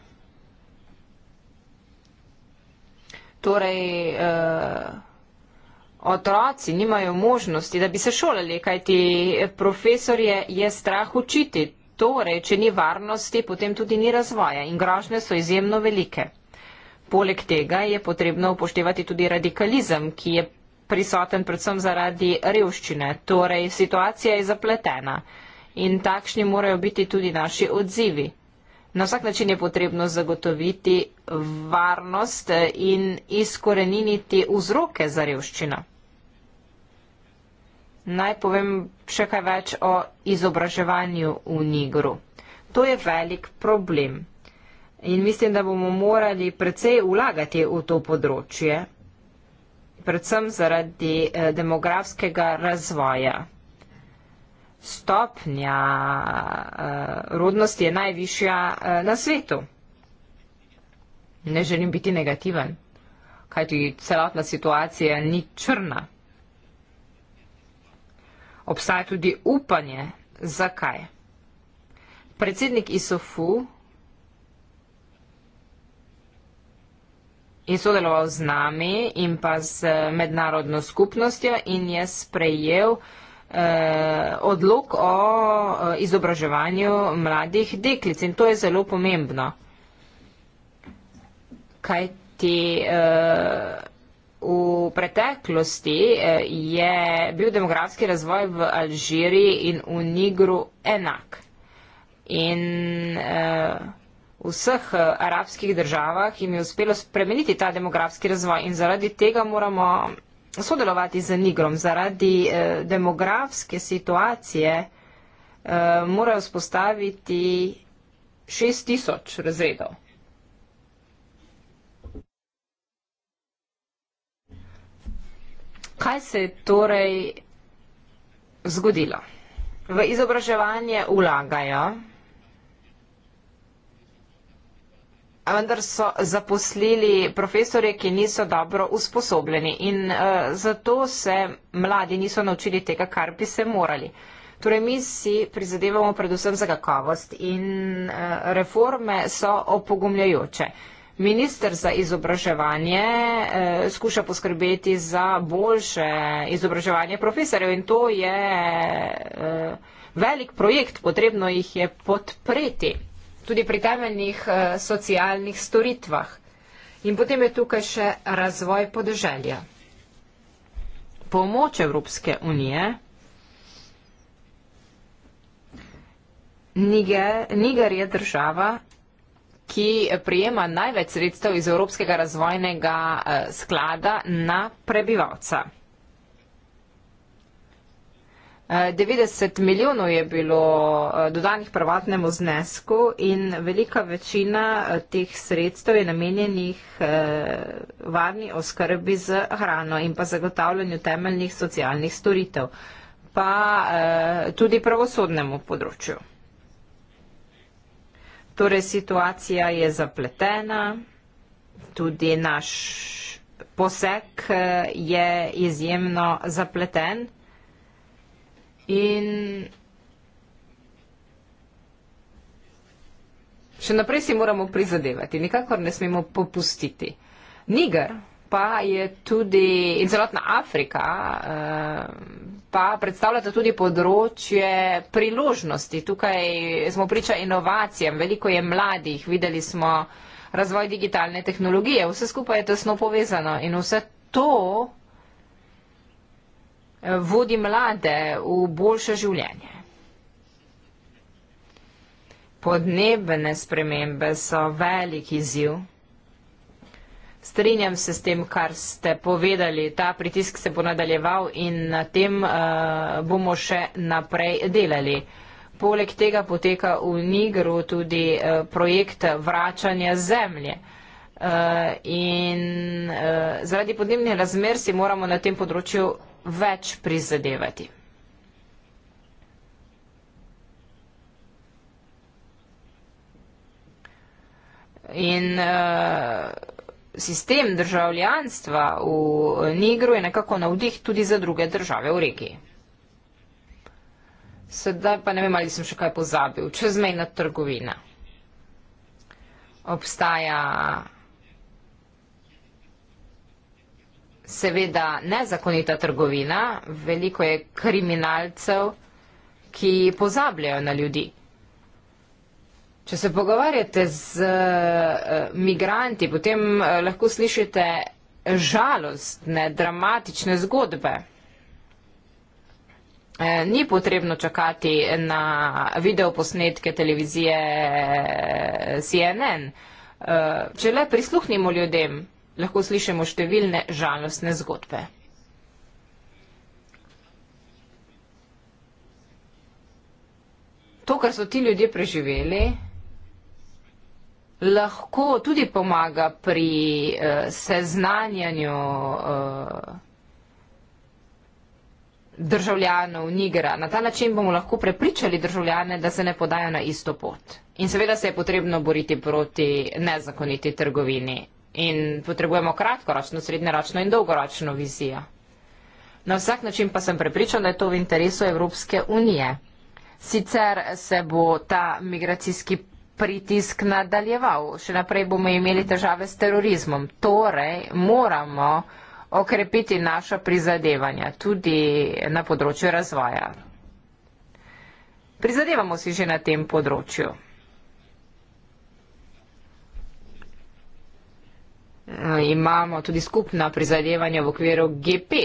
S1: Torej, eh, otroci nimajo možnosti, da bi se šolali, kajti profesor je, je strah učiti. Torej, če ni varnosti, potem tudi ni razvoja in grožne so izjemno velike. Poleg tega je potrebno upoštevati tudi radikalizem, ki je prisoten predvsem zaradi revščine. Torej, situacija je zapletena in takšni morajo biti tudi naši odzivi. Na vsak način je potrebno zagotoviti varnost in izkoreniniti vzroke za revščino. Naj povem še kaj več o izobraževanju v Nigru. To je velik problem. In mislim, da bomo morali precej vlagati v to področje, predvsem zaradi eh, demografskega razvoja. Stopnja eh, rodnosti je najvišja eh, na svetu. Ne želim biti negativen, kajti celotna situacija ni črna obstaja tudi upanje, zakaj. Predsednik ISOFU je sodeloval z nami in pa z mednarodno skupnostjo in je sprejel eh, odlog o eh, izobraževanju mladih deklic in to je zelo pomembno. Kaj ti eh, V preteklosti eh, je bil demografski razvoj v Alžiriji in v Nigru enak. In eh, v vseh eh, arabskih državah jim je uspelo spremeniti ta demografski razvoj in zaradi tega moramo sodelovati z Nigrom. Zaradi demografske situacije morajo spostaviti 6000 razredov. Kaj se je torej zgodilo? V izobraževanje ulagajo, a vendar so zaposlili profesore, ki niso dobro usposobljeni in uh, zato se mladi niso naučili tega, kar bi se morali. Torej, mi si prizadevamo predvsem za kakovost in uh, reforme so opogumljajoče. Uh, Minister za izobraževanje eh, skuša poskrbeti za boljše izobraževanje profesorjev in to je eh, velik projekt, potrebno jih je podpreti tudi pri temeljnih eh, socialnih storitvah. In potem je tukaj še razvoj podeželja. Pomoč Evropske unije. Niger, Niger je država, ki prijema največ sredstev iz Evropskega razvojnega eh, sklada na prebivalca. 90 eh, milijonov je bilo eh, dodanih prvotnemu znesku in velika večina teh sredstev je namenjenih varni oskrbi z hrano in pa zagotavljanju temeljnih socialnih storitev, pa tudi pravosodnemu področju. Torej, situacija je zapletena, tudi naš poseg eh, je izjemno zapleten in še naprej si moramo prizadevati, nikakor ne smemo popustiti. Niger pa je tudi in celotna Afrika, eh, pa predstavljata tudi področje priložnosti. Tukaj smo priča inovacijam, veliko je mladih, videli smo razvoj digitalne tehnologije, vse skupaj je tesno povezano in vse to eh, vodi mlade v boljše življenje. Podnebne spremembe so velik izziv. Strenjam se s tem, kar ste povedali. Ta pritisk se bo nadaljeval in na tem uh, bomo še naprej delali. Poleg tega poteka v Nigru tudi uh, projekt vračanja zemlje. Uh, in uh, zaradi podnebnih razmer si moramo na tem področju več prizadevati. In uh, sistem državljanstva v Negru je nekako navdih tudi za druge države v regiji. Sedaj pa ne vem, ali sem še kaj pozabil. Čezmejna trgovina. Obstaja seveda nezakonita trgovina, veliko je kriminalcev, ki pozabljajo na ljudi. Če se pogovarjate z eh, migranti, potem eh, lahko slišite žalostne, dramatične zgodbe. Eh, ni potrebno čakati na videoposnetke televizije CNN. Če le prisluhnimo ljudem, lahko slišimo številne žalostne zgodbe. To, kar so ti ljudje preživeli, lahko tudi pomaga pri uh, seznanjanju uh, državljanov Nigera. Na ta način bomo lahko prepričali državljane, da se ne podajo na isto pot. In seveda se je potrebno boriti proti nezakoniti trgovini. In potrebujemo kratkoročno, srednjeročno in dolgoročno vizijo. Na vsak način pa sem prepričan, da je to v interesu Evropske unije. Sicer se bo ta migracijski pritisk nadaljeval. Še naprej bomo imeli težave s terorizmom. Torej, moramo okrepiti naša prizadevanja tudi na področju razvoja. Prizadevamo si že na tem področju. Imamo tudi skupna prizadevanja v okviru G5,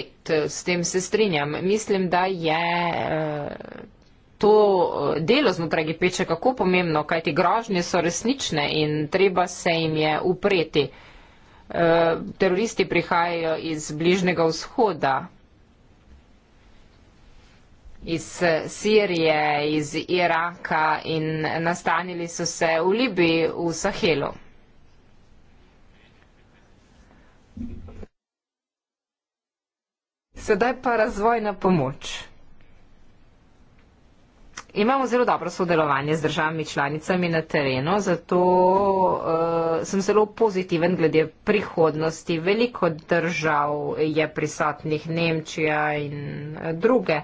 S1: s tem se strinjam. Mislim, da je eh, to eh, delo znotraj GPČ kako pomembno, kajti grožnje so resnične in treba se jim je upreti. Eh, teroristi prihajajo iz Bližnjega vzhoda, iz eh, Sirije, iz Iraka in nastanili so se v Libiji, v Sahelu. Sedaj pa razvojna pomoč. Imamo zelo dobro sodelovanje z državami članicami na terenu, zato uh, sem zelo pozitiven glede prihodnosti. Veliko držav je prisotnih, Nemčija in uh, druge.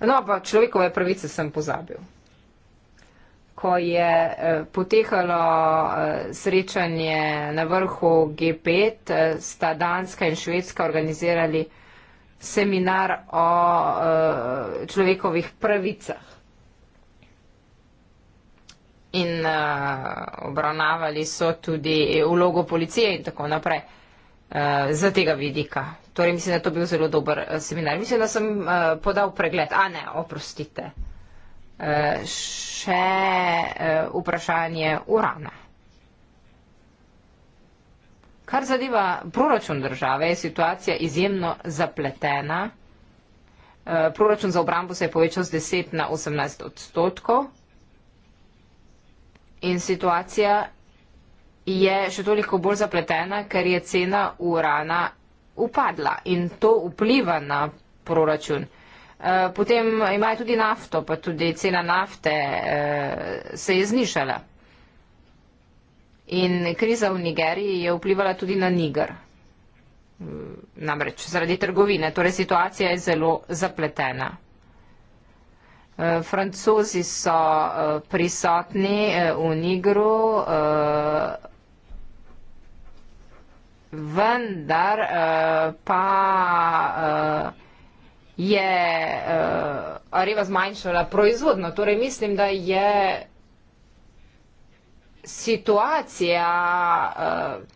S1: No, pa človekove pravice sem pozabil. Ko je eh, potekalo srečanje na vrhu G5, sta Danska in Švedska organizirali seminar o človekovih pravicah in uh, obravnavali so tudi eh, vlogo policije in tako naprej uh, za tega vidika. Torej, mislim, da je to bil zelo dober uh, seminar. Mislim, da sem uh, podal pregled. A ne, oprostite. Uh, še uh, vprašanje urana. Kar zadeva proračun države, je situacija izjemno zapletena. Uh, proračun za obrambo se je povečal z 10 na 18 odstotkov. In situacija je še toliko bolj zapletena, ker je cena urana upadla in to vpliva na proračun. Eh, potem imajo tudi nafto, pa tudi cena nafte eh, se je znišala. In kriza v Nigeriji je vplivala tudi na Niger. Mm, namreč zaradi trgovine. Torej situacija je zelo zapletena. Eh, Francozi so eh, prisotni eh, v Nigru, vendar pa je Areva zmanjšala proizvodno. Torej mislim, da je situacija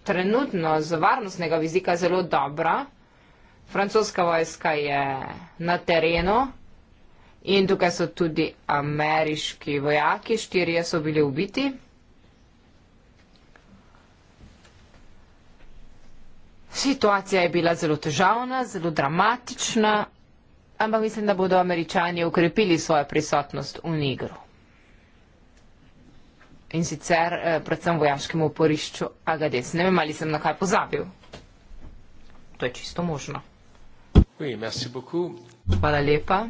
S1: trenutno z varnostnega vizika zelo dobra. Francoska vojska je na terenu. In tukaj so tudi ameriški vojaki, štirje so bili ubiti. Situacija je bila zelo težavna, zelo dramatična, ampak mislim, da bodo američani ukrepili svojo prisotnost v Nigru. In sicer eh, predvsem vojaškemu oporišču Agades. Ne vem, ali sem na kaj pozabil. To je čisto možno. Oui, merci beaucoup. Hvala lepa.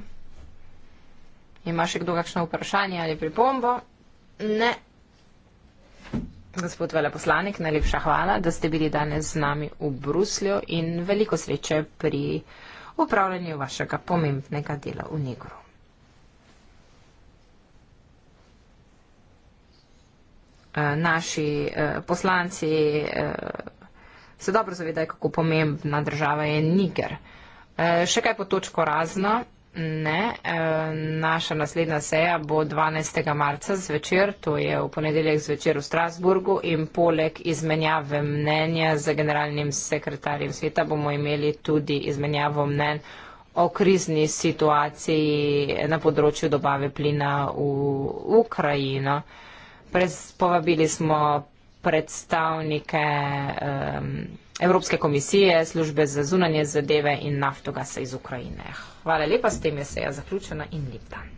S1: Ima še kdo kakšno vprašanje ali pripombo? Ne. Gospod veleposlanik, najlepša hvala, da ste bili danes z nami v Bruslju in veliko sreče pri upravljanju vašega pomembnega dela v Negru. Eh, naši eh, poslanci eh, se dobro zavedajo, kako pomembna država je Niger. Še kaj po točko razno. Ne, eh, naša naslednja seja bo 12. marca zvečer, to je v ponedeljek zvečer v Strasburgu in poleg izmenjave mnenja z generalnim sekretarjem sveta bomo imeli tudi izmenjavo mnen o krizni situaciji na področju dobave plina v Ukrajino. Prez, povabili smo predstavnike. Um, Evropske komisije, službe za zunanje zadeve in naftogasa iz Ukrajine. Hvala lepa, s tem je seja zaključena in lep dan.